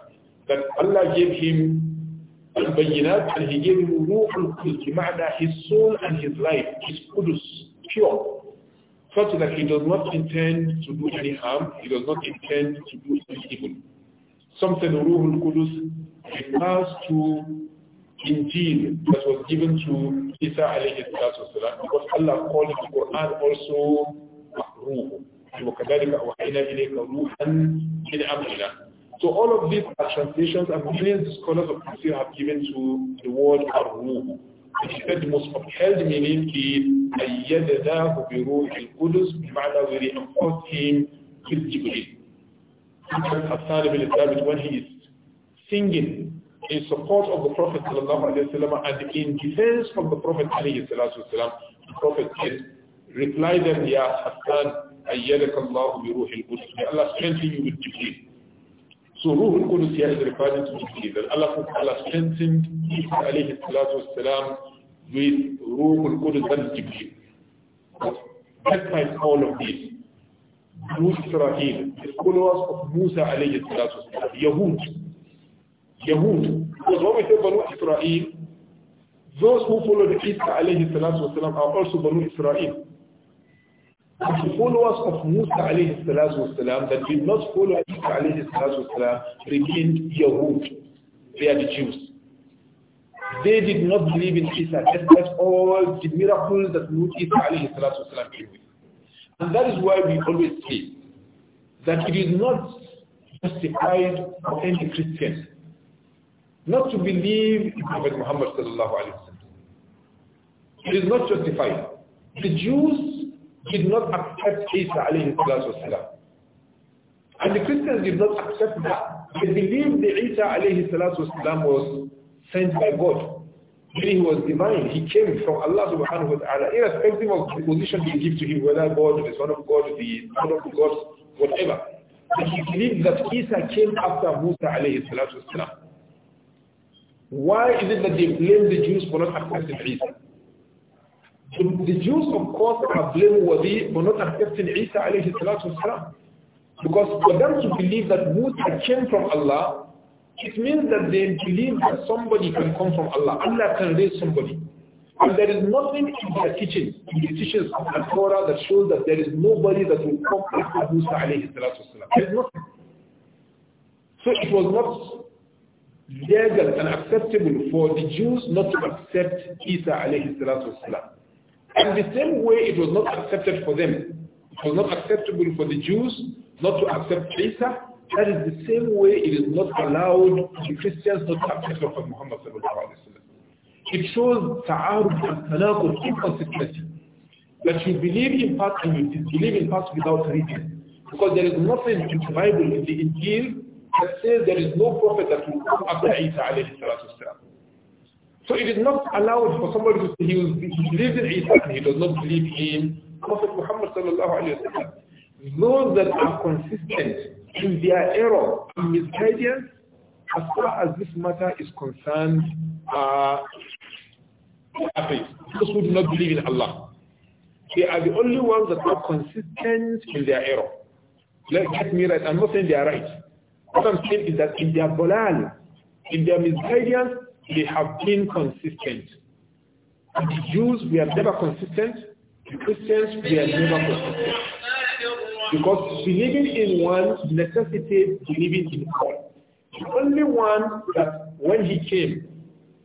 That Allah gave him al-bayyinat and he gave him ruh al his soul and his life, his qudus, pure. Such that he does not intend to do any harm, he does not intend to do any evil. Something ruh al-qudus refers to Injil that was given to Isa alayhi salatu wasalam because Allah called the Quran also ruh. وَكَذَلِكَ أَوْحَيْنَا إِلَيْكَ رُوحًا مِنْ أَمْرِنَا So all of these are translations and millions of scholars of Tafsir have given to the word Ar-Ruh. he said the most upheld meaning is أَيَّدَنَاهُ بِرُوحِ الْقُدُسِ بمعنى we reinforced him with Jibreel. Hassan ibn Thabit when he is singing in support of the Prophet وسلم, and in defense of the Prophet والسلام, the Prophet said, reply them, Ya Hassan, Allah strengthen you with Jibreel so who al-Qudus here is Allah, Allah strengthened Isa alayhi salatu wasalam with Ruh al-Qudus and Jibreel but despite all of this Banu Israel, the followers of Musa alayhi salatu Yahud Yahud because when we say Banu Israel those who followed Isa alayhi salatu are also Banu Israel and the followers of Musa alayhi salatu wasalam that did not follow Isa alayhi salatu remained Yahud. They are the Jews. They did not believe in Isa despite all the miracles that Isa alayhi salatu wasalam came And that is why we always say that it is not justified for any Christian not to believe in Prophet Muhammad sallallahu alayhi wa It is not justified. The Jews did not accept Isa alayhi salam, And the Christians did not accept that. They believed that Isa alayhi salam was sent by God. Really, he was divine. He came from Allah subhanahu wa ta'ala, irrespective of the position they give to him, whether God, the son of God, the son of God, whatever. But he believed that Isa came after Musa alayhi salam. Why is it that they blame the Jews for not accepting Isa? So the Jews, of course, are blameworthy for not accepting Isa alayhi salatu wasalam. Because for them to believe that Musa came from Allah, it means that they believe that somebody can come from Allah. Allah can raise somebody. And there is nothing in their teaching, in the teachings of the Torah that shows that there is nobody that will come after Musa alayhi salatu wasalam. There is nothing. So it was not legal and acceptable for the Jews not to accept Isa alayhi salatu wasalam. And the same way it was not accepted for them. It was not acceptable for the Jews not to accept Isa. That is the same way it is not allowed the Christians not to accept Prophet Muhammad It shows ta'arud and tanakul, inconsistency. That you believe in part and you disbelieve in part without reason. Because there is nothing in the Bible, in the Injil, that says there is no prophet that will come after Isa alayhi so it is not allowed for somebody to say he believes in Isa and he does not believe in Prophet Muhammad sallallahu alayhi wa sallam. Those that are consistent in their error and misguidance, as far as this matter is concerned, are those who do not believe in Allah. They are the only ones that are consistent in their error. Let get me right. I'm not saying they are right. What I'm saying is that in their bolal, in their misguidance, they have been consistent. And the Jews, we are never consistent. The Christians, we are never consistent. Because believing in one necessitates believing in all. The only one that when he came,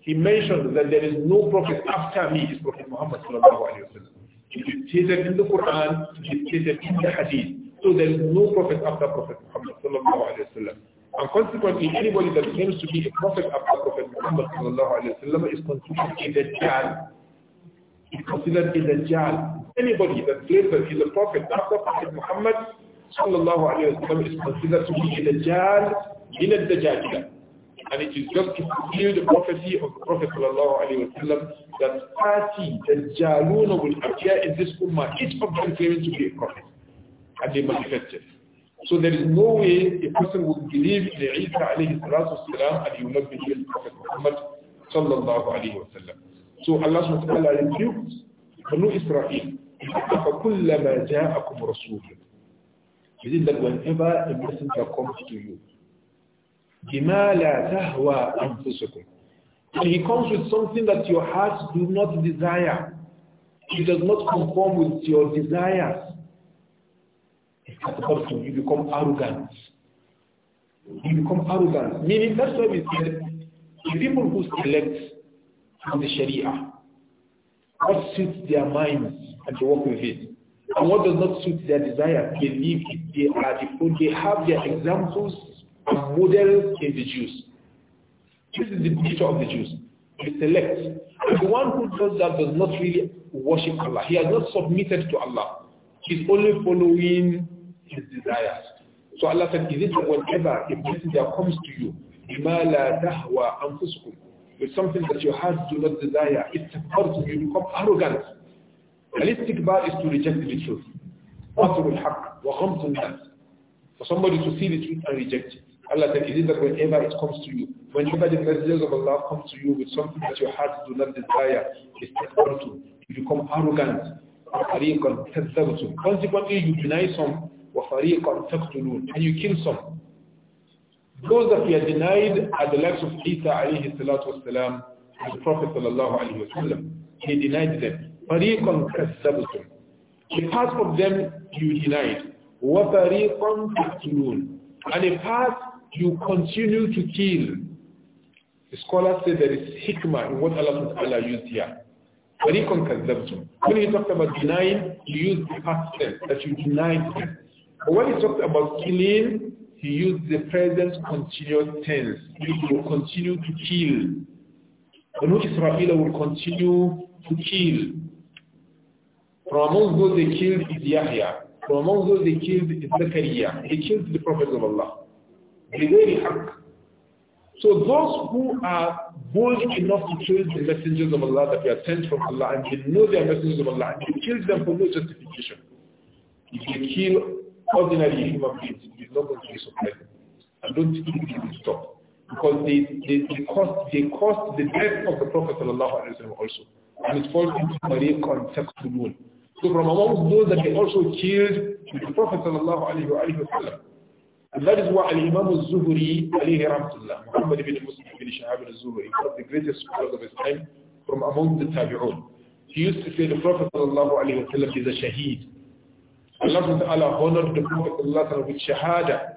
he mentioned that there is no prophet after me is Prophet Muhammad It is stated in the Quran, it is stated in the Hadith. So there is no prophet after Prophet Muhammad and consequently, anybody that claims to be a prophet after Prophet Muhammad وسلم, is considered a dajjal. Is considered a dajjal. Anybody that claims that he's a prophet after Prophet Muhammad وسلم, is considered to be a dajjal in a dajjajilah. And it is just to fulfill the prophecy of the Prophet وسلم, that 30 dajjaluna will appear in this ummah, each of them claiming to be a prophet. And they manifested. So there is no way a person would believe in Isa alayhi salatu wasalam and he will not believe in Prophet Muhammad sallallahu alayhi wasallam. So Allah subhanahu wa ta'ala rebuked Banu Israel. فَكُلَّمَا جَاءَكُمْ رَسُولٌ He said that whenever a messenger comes to you, بِمَا لَا تَهْوَى أَنفُسُكُمْ And he comes with something that your hearts do not desire. It does not conform with your desires as you become arrogant. You become arrogant. Meaning that's why we said the people who select from the Sharia, what suits their minds and they work with it. And what does not suit their desire, they live it. They are the they have their examples and models in the Jews. This is the picture of the Jews. They select. The one who does that does not really worship Allah. He has not submitted to Allah. He's only following his desires. So Allah said, is it that whenever a messenger comes to you, بِمَا dahwa تَهْوَى With something that your heart do not desire, it's of you become arrogant. al bar is to reject the truth. وَطُرُ wa وَغَمْتُ النَّاسِ For somebody to see the truth and reject it. Allah said, is it that whenever it comes to you, whenever the messengers of Allah come to you with something that your heart do not desire, it's of you become arrogant. Consequently, you deny some وَفَرِيقًا تَقْتُلُونَ And you kill some. Those that we are denied are the likes of Isa alayhi salatu wasalam and the Prophet sallallahu alayhi wasallam. He denied them. فَرِيقًا كَسَّبْتُمْ A part of them you denied. وَفَرِيقًا تَقْتُلُونَ And a part you continue to kill. The scholars say there is hikmah in what Allah Ta'ala used here. فَرِيقًا كَذَّبْتُمْ When he talked about denying, he used the past tense, that you denied them. When he talked about killing, he used the present continuous tense. He will continue to kill. Banu Israel will continue to kill. From among those they killed is Yahya. From among those they killed is Zakaria. They killed the prophets of Allah. So those who are bold enough to kill the messengers of Allah that they are sent from Allah and they know they are messengers of Allah and they kill them for no justification. If they kill ordinary human beings is not going to be suppressed. and don't think it will stop. Because they, they, they, cost, they cost the death of the Prophet also. And it falls into Tariqan alone. So from amongst those that they also killed the Prophet sallallahu And that is why Al-Imam al-Zuhri alayhi rahmatullah, Muhammad ibn Muslim ibn Shahab al-Zuhri, one of the greatest scholars of his time from among the Tabi'un. He used to say the Prophet sallallahu is a shaheed. Allah Ta'ala honored the Prophet with Shahada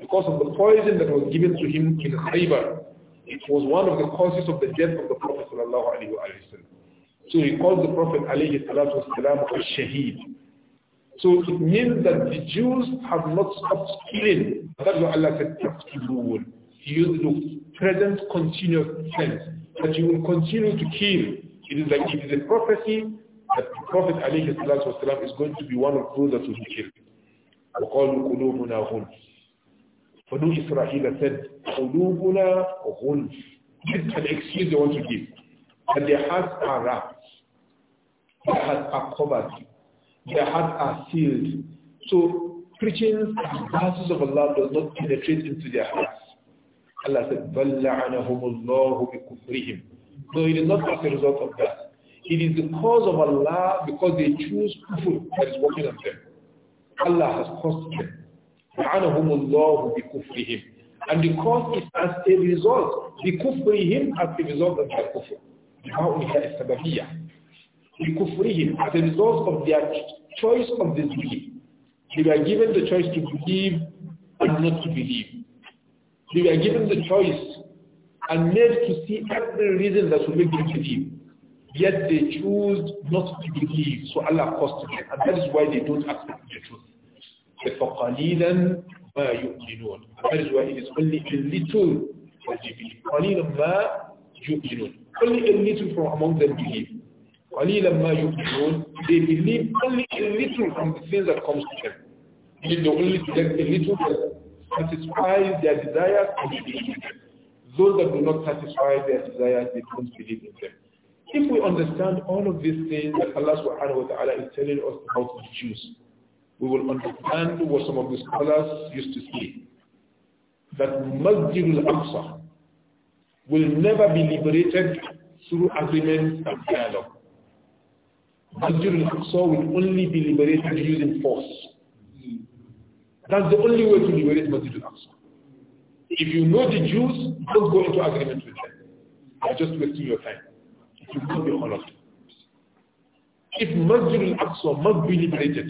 because of the poison that was given to him in Khaybar. It was one of the causes of the death of the Prophet So he calls the Prophet al-Shaheed. So it means that the Jews have not stopped killing. That's why Allah said, تَقْتِلُونَ He used the present continuous tense, that you will continue to kill. It is like it is a prophecy that the Prophet والسلام, is going to be one of those that will be killed. وَقَالُوا قُلُوبُنَا غُلْفٌ Banu Israel said, قُلُوبُنَا غُلْفٌ This is an excuse they want to give. That their hearts are wrapped. Their hearts are covered. Their hearts are sealed. So preachings and verses of Allah does not penetrate into their hearts. Allah said, بَلَّعَنَهُمُ اللَّهُ بِكُفْرِهِمْ No, it is not as a result of that. It is the cause of Allah because they choose kufr that is working on them. Allah has caused them. الله And cause it as a result, بكفرهم as a result of their kufr. The السببية. as a result of their choice of this belief. They were given the choice to believe and not to believe. They were given the choice and made to see every reason that will make them believe. Yet they choose not to believe, so Allah caused them. And that is why they don't accept the truth. فَقَلِيلًا مَا يُؤْمِنُونَ And that is why it is only a little that they believe. قَلِيلًا مَا يُؤْمِنُونَ Only a little from among them believe. قَلِيلًا مَا يُؤْمِنُونَ They believe only a little from the things that comes to them. Meaning they only select a little that satisfies their desires and they believe in them. Those that do not satisfy their desires, they don't believe in them. If we understand all of these things that Allah subhanahu wa ta'ala is telling us about the Jews, we will understand what some of the scholars used to say, that Masjid al-Aqsa will never be liberated through agreement and dialogue. Masjid al-Aqsa will only be liberated using force. That's the only way to liberate Masjid al-Aqsa. If you know the Jews, don't go into agreement with them. You're just wasting your time. If Masjid al-Aqsa must be liberated,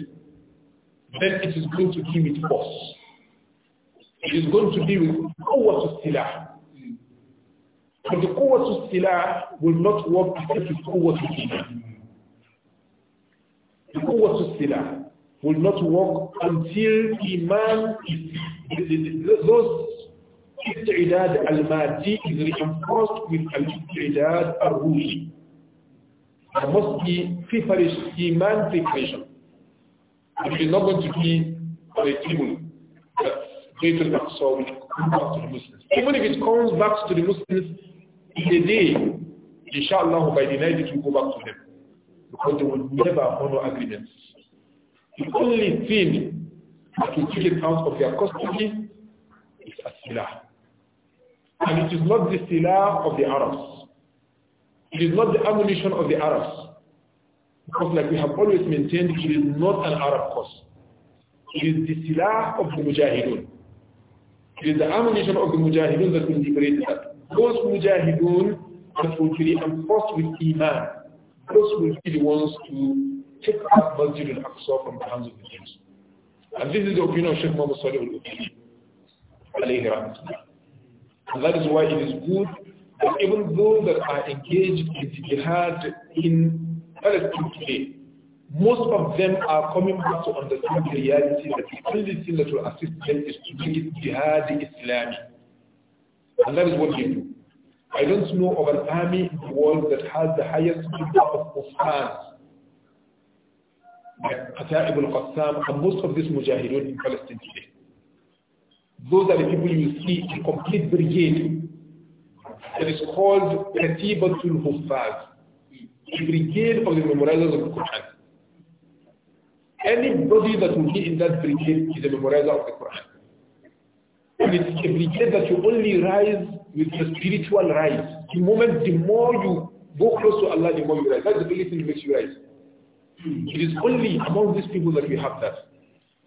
then it is going to be with force. It is going to be with power to silah But the power to silah will not work except with Qawwat al-Iman. The power to silah will not work until Iman, those الاستعداد المادي is reinforced with الاستعداد الروحي. There must be preparation, demand preparation. It is not going to be for a tribunal that Great al-Aqsa will come back to the Muslims. Even if it comes back to the Muslims in a day, inshallah by the night it will go back to them. Because they will never honor agreements. The only thing that will take it out of their custody is as and it is not the silah of the Arabs. It is not the ammunition of the Arabs. Because like we have always maintained, it is not an Arab cause. It is the silah of the Mujahideen. It is the ammunition of the Mujahideen that will liberate that. Those Mujahideen that will be enforced with Iman, those will be the ones to take up Masjid al-Aqsa from the hands of the Jews. And this is the opinion of Sheikh Muhammad Salih al-Uqaymi. alayhi and that is why it is good that even those that are engaged in jihad in Palestine today, most of them are coming back to understand the reality that the only thing that will assist them is to make it jihad Islam. And that is what they do. I don't know of an army in the world that has the highest number of Muslims like Qatar ibn Qassam and most of these mujahideen in Palestine today. Those are the people you see, a complete brigade. It is called Katibatul Huffaz, a brigade of the memorizers of the Quran. Anybody that will be in that brigade is a memorizer of the Quran. And it's a brigade that you only rise with your spiritual rise. The moment, the more you go close to Allah, the more you rise. That's the only thing that makes you rise. It is only among these people that we have that.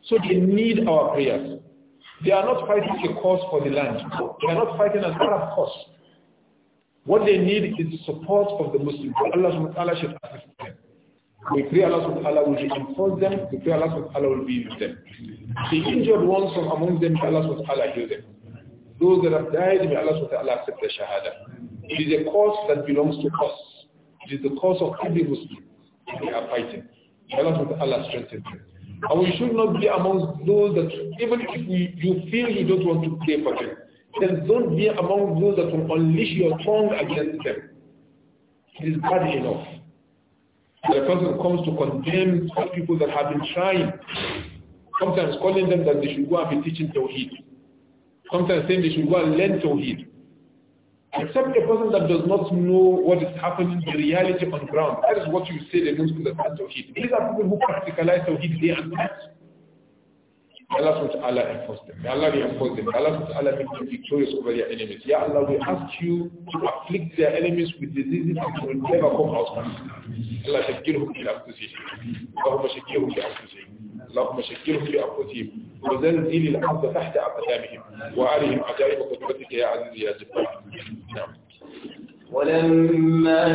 So they need our prayers. They are not fighting a cause for the land. They are not fighting an Arab cause. What they need is support of the Muslims. Allah subhanahu wa ta'ala should assist them. We pray Allah subhanahu wa ta'ala will reinforce them. We pray Allah subhanahu wa ta'ala will be with them. The injured ones from among them, Allah subhanahu wa ta'ala heal them. Those that have died, may Allah subhanahu wa ta'ala accept their shahada. It is a cause that belongs to us. It is the cause of every Muslim. They are fighting. May Allah subhanahu wa ta'ala strengthen them. And we should not be among those that, even if we, you feel you don't want to pray for them, then don't be among those that will unleash your tongue against them. It is bad enough. The person comes to condemn people that have been trying, sometimes calling them that they should go and be teaching Tawheed. Sometimes saying they should go and learn Tawheed. Except a person that does not know what is happening, the reality on the ground. That is what you say the most Muslims are Tawheed. These are people who practicalize Tawheed day and night. Allah subhanahu wa ta'ala enforce them. May Allah reinforce them. May Allah subhanahu wa ta'ala make them victorious over their enemies. Ya Allah, we ask you to afflict their enemies with diseases that will never come out from Allah شكلهم ki أنفسهم. Allahumma شكلهم ki أنفسهم. اللهم شكلهم في أنفسهم. وزلزل الأرض تحت أقدامهم وعليهم عجائب قدرتك يا عزيز يا جبار. ولما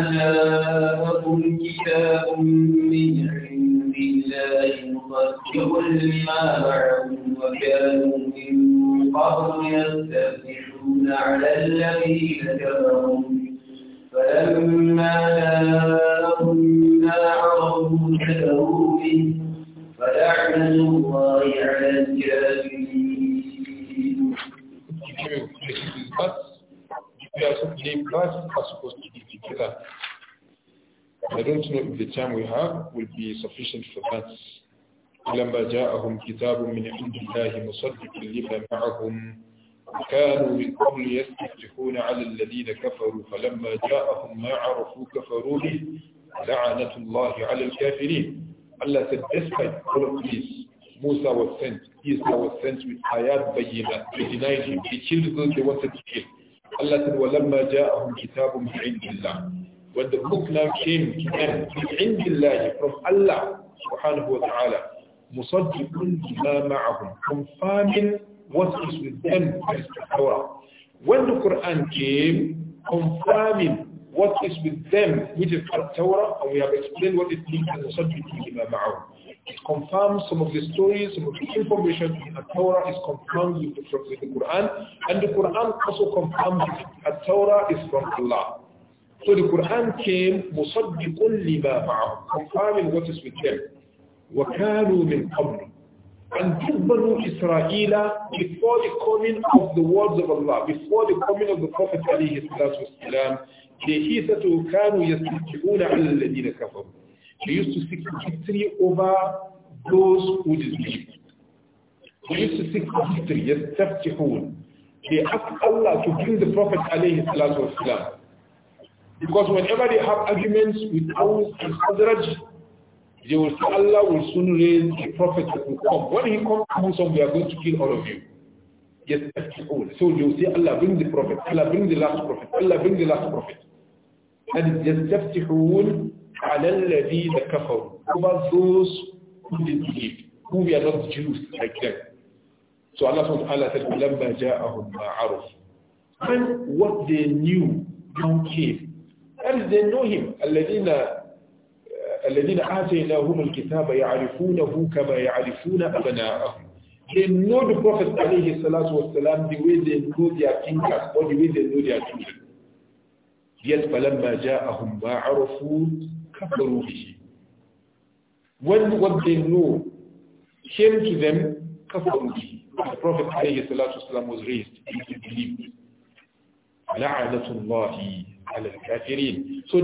جاءهم كتاب من عند بالله مصدقا لما معهم وكانوا من قبل يستفتحون على الذين كفروا فلما جاءهم ما عرفوا كفروا به فلعنة الله على الكافرين. But we are simply blessed as opposed to be together. I don't know if the time we have will be sufficient for that. لما جاءهم كتاب من عند الله مصدق لما معهم كانوا من قبل يستفتحون على الذين كفروا فلما جاءهم ما عرفوا كفروا به لعنة الله على الكافرين Allah said despite all of this Musa was sent Isa was sent with ayat bayinat they denied him they killed those they wanted to kill Allah said وَلَمَّا جَاءَهُمْ كِتَابٌ مِنْ عِنْدِ اللَّهِ but the book now came to them from Allah subhanahu wa ta'ala. مصدقون بما confirming what is with them is the Torah. When the Quran came, confirming what is with them, which is the Torah, and we have explained what it means as Musaddiqun bima ma'ahum. It confirms some of the stories, some of the information in the Torah is confirmed with with the Quran, and the Quran also confirms that the Torah is from Allah. So the Quran came مُصَدِّقٌ لِمَا مَعَهُ confirming what is with them. وَكَانُوا مِنْ قَبْلُ And this Banu Israel, before the coming of the words of Allah, before the coming of the Prophet عليه salatu wasalam, they he said to كَانُوا يَسْتَكِعُونَ عَلَى الَّذِينَ كَفَرُوا They used to seek victory over those who disbelieved. They used to seek victory, يَسْتَفْتِحُونَ They asked Allah to bring the Prophet عليه salatu wasalam because whenever they have arguments with Aus and Khazraj, they will say Allah will soon raise a prophet that will come. When he comes Muslim, we are going to kill all of you. Yes, all. So you say Allah bring the prophet, Allah bring the last prophet, Allah bring the last prophet. And يستفتحون على الذين كفروا over those who didn't believe, who we are not Jews like them. So Allah said, Allah said, لما جاءهم ما عرف. When what they knew now came, that is, they know him. الَّذِينَ الَّذِينَ آتَيْنَاهُمُ الْكِتَابَ يَعْرِفُونَهُ كَمَا يَعْرِفُونَ أَبْنَاءَهُم They know the Prophet عليه salatu wasalam the way they know their thinkers or the way they know their children. Yet فَلَمَّا جَاءَهُمْ مَا عَرَفُوا كَفَرُوا بِهِ When what they know came to them, كَفَرُوا بِهِ The Prophet عليه salatu was raised and he لَعَنَةُ اللَّهِ so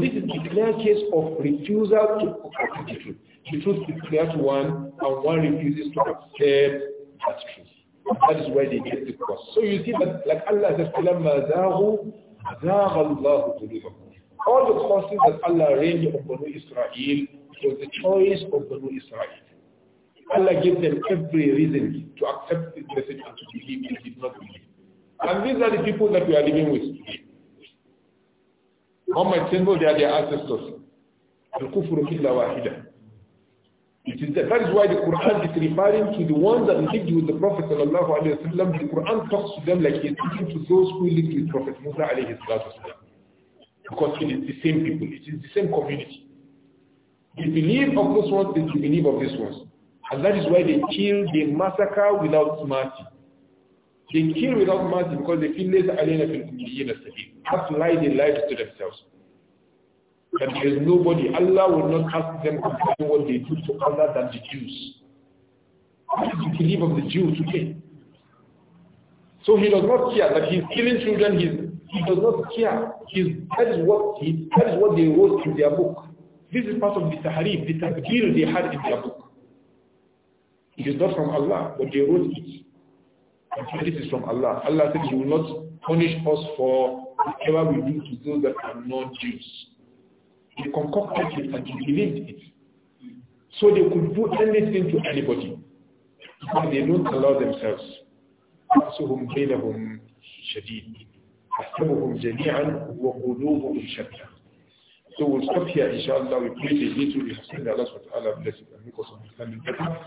this is the clear case of refusal to accept the truth. The truth is clear to one, and one refuses to accept that truth. That is where they get the cross. So you see that, like Allah says, فَلَمَّا زَاغُوا زَاغَ اللَّهُ All the crosses that Allah arranged upon Banu Israel was the choice of Banu Israel. Allah gave them every reason to accept this message and to believe they did not believe. And these are the people that we are living with one might say, no, they are their ancestors. Al-kufru illa wahida. It is that, that is why the Quran is referring to the ones that lived with the Prophet sallallahu alaihi wasallam. The Quran talks to them like he is talking to those who lived with Prophet Musa alayhi salatu Because it is the same people, it is the same community. The belief of those ones is the belief of these ones. And that is why they kill, they massacre without mercy. They kill without mercy because they feel less alien fil the sabil. That's lie they lied to themselves. That there is nobody, Allah will not ask them to concerning what they do to other than the Jews. What is the belief of the Jews today? So he does not care that he's killing children, he's, he does not care. He's, that, is what he, that is what they wrote in their book. This is part of the tahrif, the tabgir they had in their book. It is not from Allah, but they wrote it. And this is from Allah. Allah says he will not punish us for whatever we do to those that are not Jews. They concocted it and they believed it. So they could do anything to anybody. But they don't allow themselves. بأسهم بينهم شديد أحسبهم جميعا وقلوبهم شتى So we'll stop here, inshallah. We pray the little we have said that Allah subhanahu wa ta'ala bless it and make us understand it better.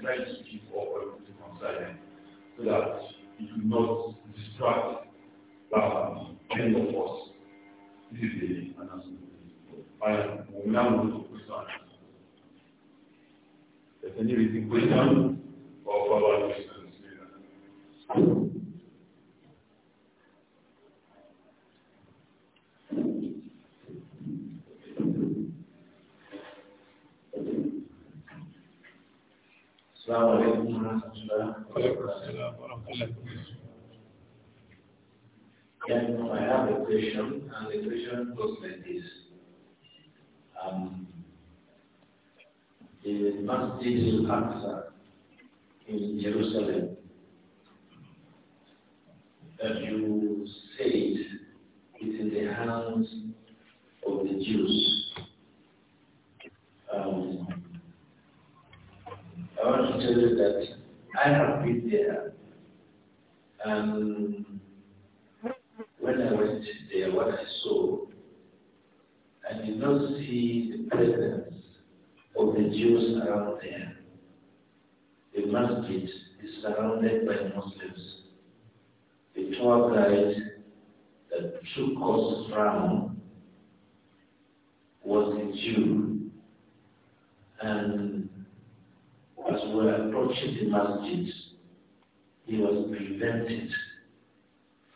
try to so that it will not distract um, any of us. This is the announcement. I will now move to questions. If any written question or follow-up questions, Yes, no, I have a question, and the question goes like this. Um, the Masjid al-Aqsa in Jerusalem that you said is in the hands of the Jews. Um, I want to tell you that I have been there um, when I went there, what I saw, I did not see the presence of the Jews around there. The masjid is surrounded by Muslims. The tour guide that took us around was a Jew. And as we were approaching the masjid, he was prevented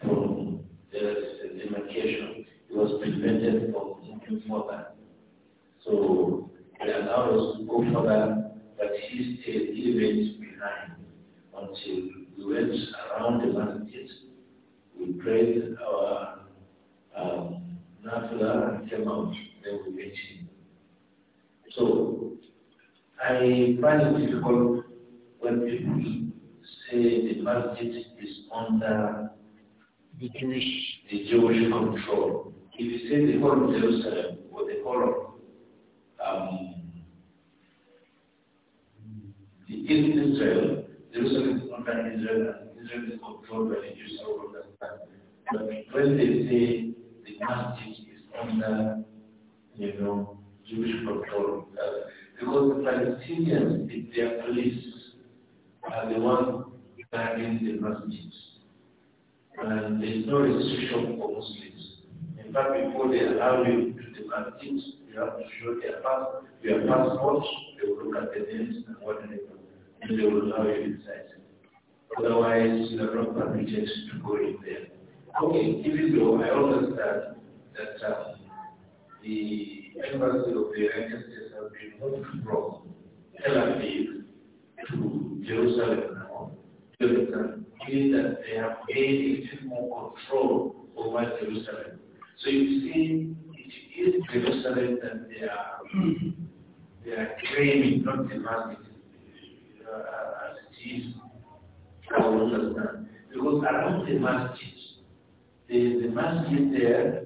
from the demarcation. He was prevented from moving further. So he allowed us to go further, but he stayed events behind until we went around the market. We prayed our um, nafla and came out. Then we met him. So I find it difficult when people say the masjid is under the Jewish the Jewish control. If you say the whole of Jerusalem or the whole of um, the Israel, Jerusalem is under Israel and Israel is controlled by the Jews all over But when they say the masjid is under you know Jewish control, uh, because the Palestinians, their police, are the ones uh, in the Muslims, And there is no restriction for Muslims. In fact, before they allow you to the masjids, you have to show their pass, your passport, they will look at the names and what they and they will allow you inside. Otherwise, you are not permitted to go in there. Okay, even though I understand that um, the embassy of the United States has been moved from Tel Aviv to Jerusalem Jerusalem, meaning that they have gained little more control over Jerusalem. So you see, it is Jerusalem that they are they are claiming, not demanding, uh, as it is. I will understand because around the masjid, the the masjid there,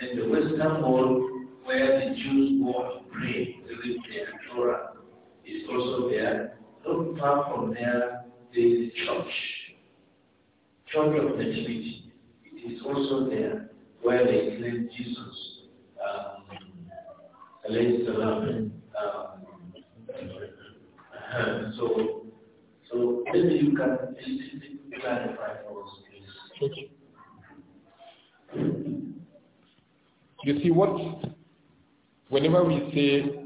and the western wall where the Jews go and pray, they read their Torah, is also there. Not far from there, the church, church of nativity, it is also there where they claim Jesus, um, alayhi salam. Um, so, so maybe you can clarify for us, please. You see what, whenever we say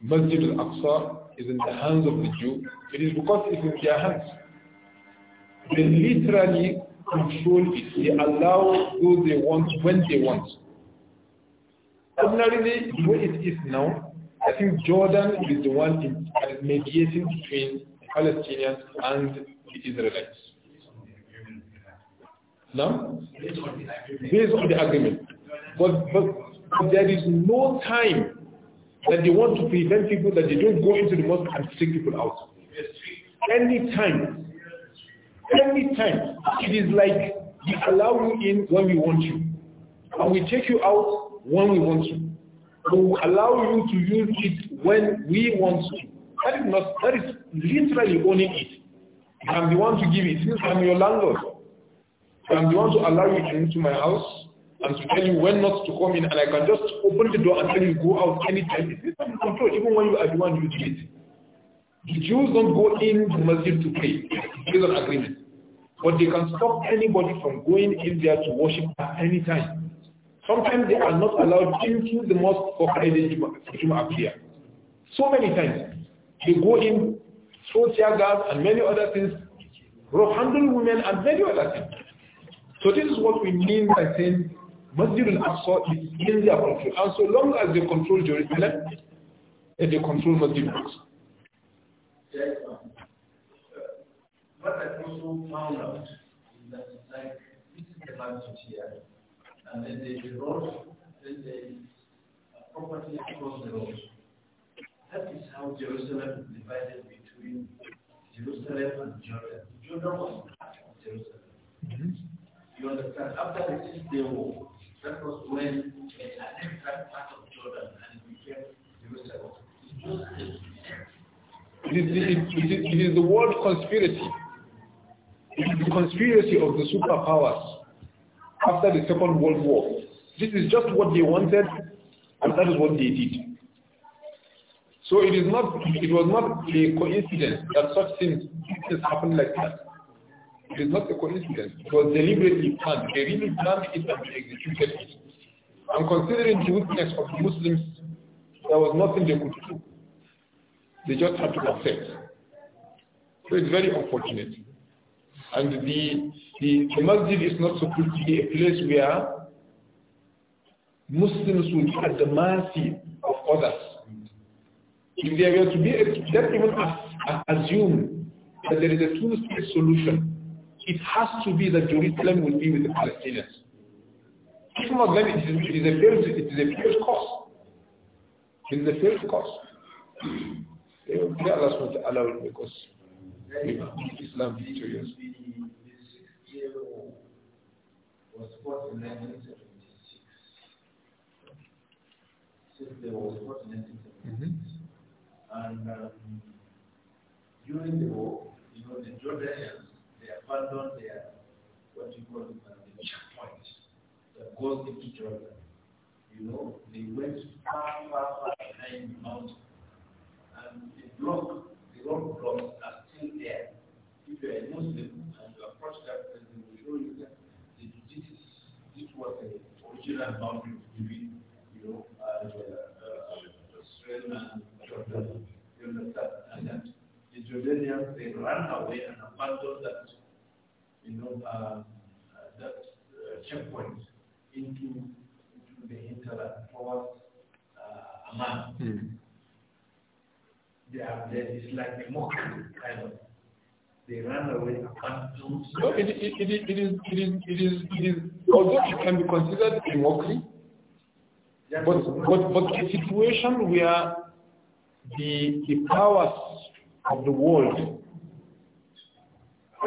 Masjid al-Aqsa, is in the hands of the Jew, it is because it's in their hands. They literally control it. They allow who they want when they want. Ordinarily, the way it is now, I think Jordan is the one in, uh, mediating between Palestinians and the Israelites. No? Based on the agreement. but, but there is no time that they want to prevent people that they don't go into the mosque and take people out. Anytime, anytime, it is like we allow you in when we want you, and we take you out when we want you. We allow you to use it when we want to. That is not. That is literally owning it. I'm the one to give it. I'm your landlord. I'm the one to allow you into my house and to tell you when not to come in and I can just open the door and tell you go out anytime. It is under control even when you are the one who did it. The Jews don't go in to masjid to pray. It's an agreement. But they can stop anybody from going in there to worship at any time. Sometimes they are not allowed into the mosque for Friday Juma So many times. They go in, throw tear gas and many other things, rough handle women and many other things. So this is what we mean by saying Masjid al-Aqsa is in their control. And so long as they control Jerusalem, they control Masjid al-Aqsa. Yes, what I also found out is that like, this is the language here, and then they road, then they property across the road. That is how Jerusalem is divided between Jerusalem and Jordan. Jordan was part of Jerusalem. Mm -hmm. You understand? After the six-day war, that was when an attack part of Jordan and became Jerusalem. It is, it, is, it is the world conspiracy. It is the conspiracy of the superpowers after the Second World War. This is just what they wanted, and that is what they did. So it is not, it was not a coincidence that such things, things happened like that. It is not a coincidence. It was deliberately planned. They really planned it and they executed it. And considering the weakness of the Muslims, there was nothing they could do. They just had to accept. So it's very unfortunate. And the, the, the masjid is not supposed to be a place where Muslims will be at the mercy of others. If they were to be, let's even assume that there is a two-state solution it has to be that Jerusalem will be with the Palestinians. If not, then it is, it is a failed, it is a failed cause. It is a failed cause. They will pray Allah not to allow it because we make Islam victorious. Was fought in 1976. Since there was fought in 1976, and um, during the war, you know, the Jordanians abandon their what you call it, the checkpoint, the goal to each other. You know, they went far, far, far behind the mountain. And the block, the rock blocks are still there. If you are a Muslim and you approach that person, they will show you that this is this was the original boundary between, you know, uh, Israel and Jordan. You understand? And that the Jordanians they ran away and abandoned that you know, uh, uh that uh, checkpoint into, into the hinterland towards uh, Amman. Mm. They are, they, it's like a mockery, kind of. They run away No, it, it, it, it, is, it, is, it, is, it is, although it can be considered a mockery, but, but, but the situation where the, the powers of the world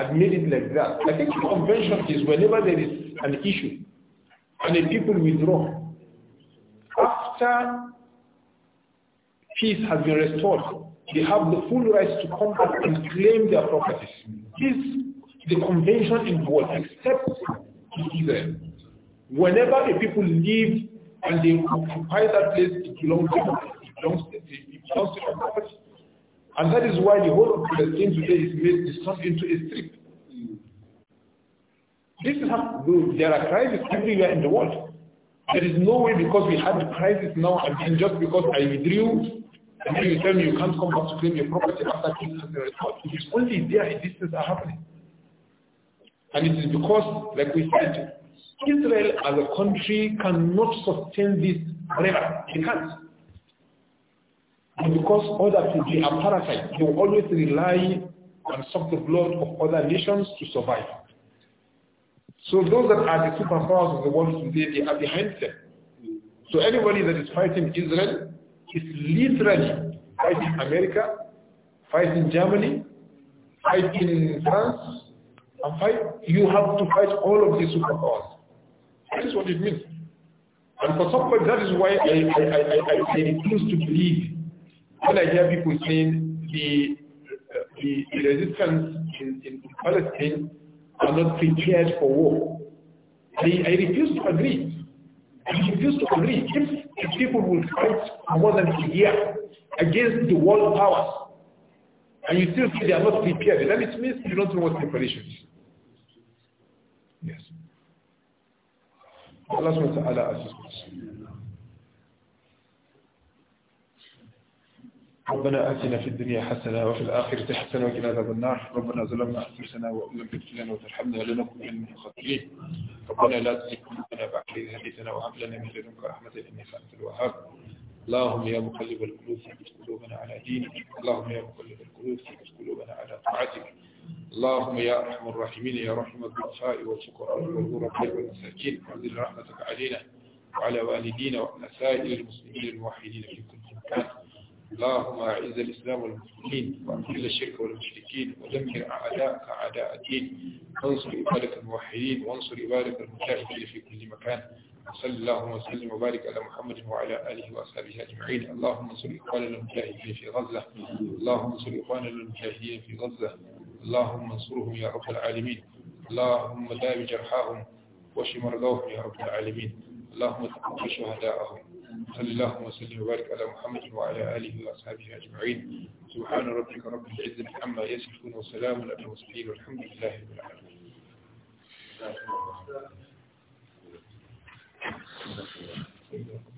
admit it like that. I think the convention is whenever there is an issue and the people withdraw, after peace has been restored, they have the full rights to come back and claim their properties. This the convention in except Israel. Whenever the people leave and they occupy that place, it belongs to them. It belongs to, it belongs to and that is why the whole of Palestine today is made is into a strip. This is how there are crises everywhere in the world. There is no way because we had the crisis now and then just because I withdrew and then you tell me you can't come back to claim your property after taking the It is only there if these things are happening. And it is because, like we said, Israel as a country cannot sustain this forever. It can't. And because others will be a parasite, they will always rely and suck the blood of other nations to survive. So those that are the superpowers of the world today, they are behind them. So anybody that is fighting Israel is literally fighting America, fighting Germany, fighting France, and fight. You have to fight all of these superpowers. That is what it means. And for point, that is why I, I, I, I, I refuse to believe when I hear people saying, the, the, the, resistance in, in Palestine are not prepared for war. I, I refuse to agree. I refuse to agree. If, if people will fight more than a year against the world powers, and you still say they are not prepared, then it means you don't know what preparation is. Yes. Allah ta'ala assists us. ربنا آتنا في الدنيا حسنة وفي الآخرة حسنة وكنا عذاب النار ربنا ظلمنا أنفسنا وإن لم تغفر وترحمنا لنكونن من الخاسرين ربنا لا تزغ قلوبنا بعد إذ هديتنا وعملنا لنا من لدنك رحمة إنك أنت الوهاب اللهم يا مقلب القلوب ثبت قلوبنا على دينك اللهم يا مقلب القلوب ثبت قلوبنا على طاعتك اللهم يا أرحم الراحمين يا رحم الضعفاء والفقراء والغرباء والمساكين أنزل رحمتك علينا وعلى والدينا وعلى سائر المسلمين الموحدين في كل مكان اللهم أعز الإسلام والمسلمين وأذل الشرك والمشركين ودمر أعداءك أعداء الدين وانصر عبادك الموحدين وانصر عبادك المجاهدين في كل مكان وصلى اللهم وسلم وبارك على محمد وعلى آله وأصحابه أجمعين اللهم انصر إخواننا المجاهدين في غزة اللهم انصر إخواننا المجاهدين في غزة اللهم انصرهم يا رب العالمين اللهم داوي جرحاهم واشف مرضاهم يا رب العالمين اللهم تقبل شهداءهم صلى الله وسلم وبارك على محمد وعلى آله وأصحابه أجمعين سبحان ربك رب العزة عما يصفون وسلام على المرسلين والحمد لله رب العالمين Thank you.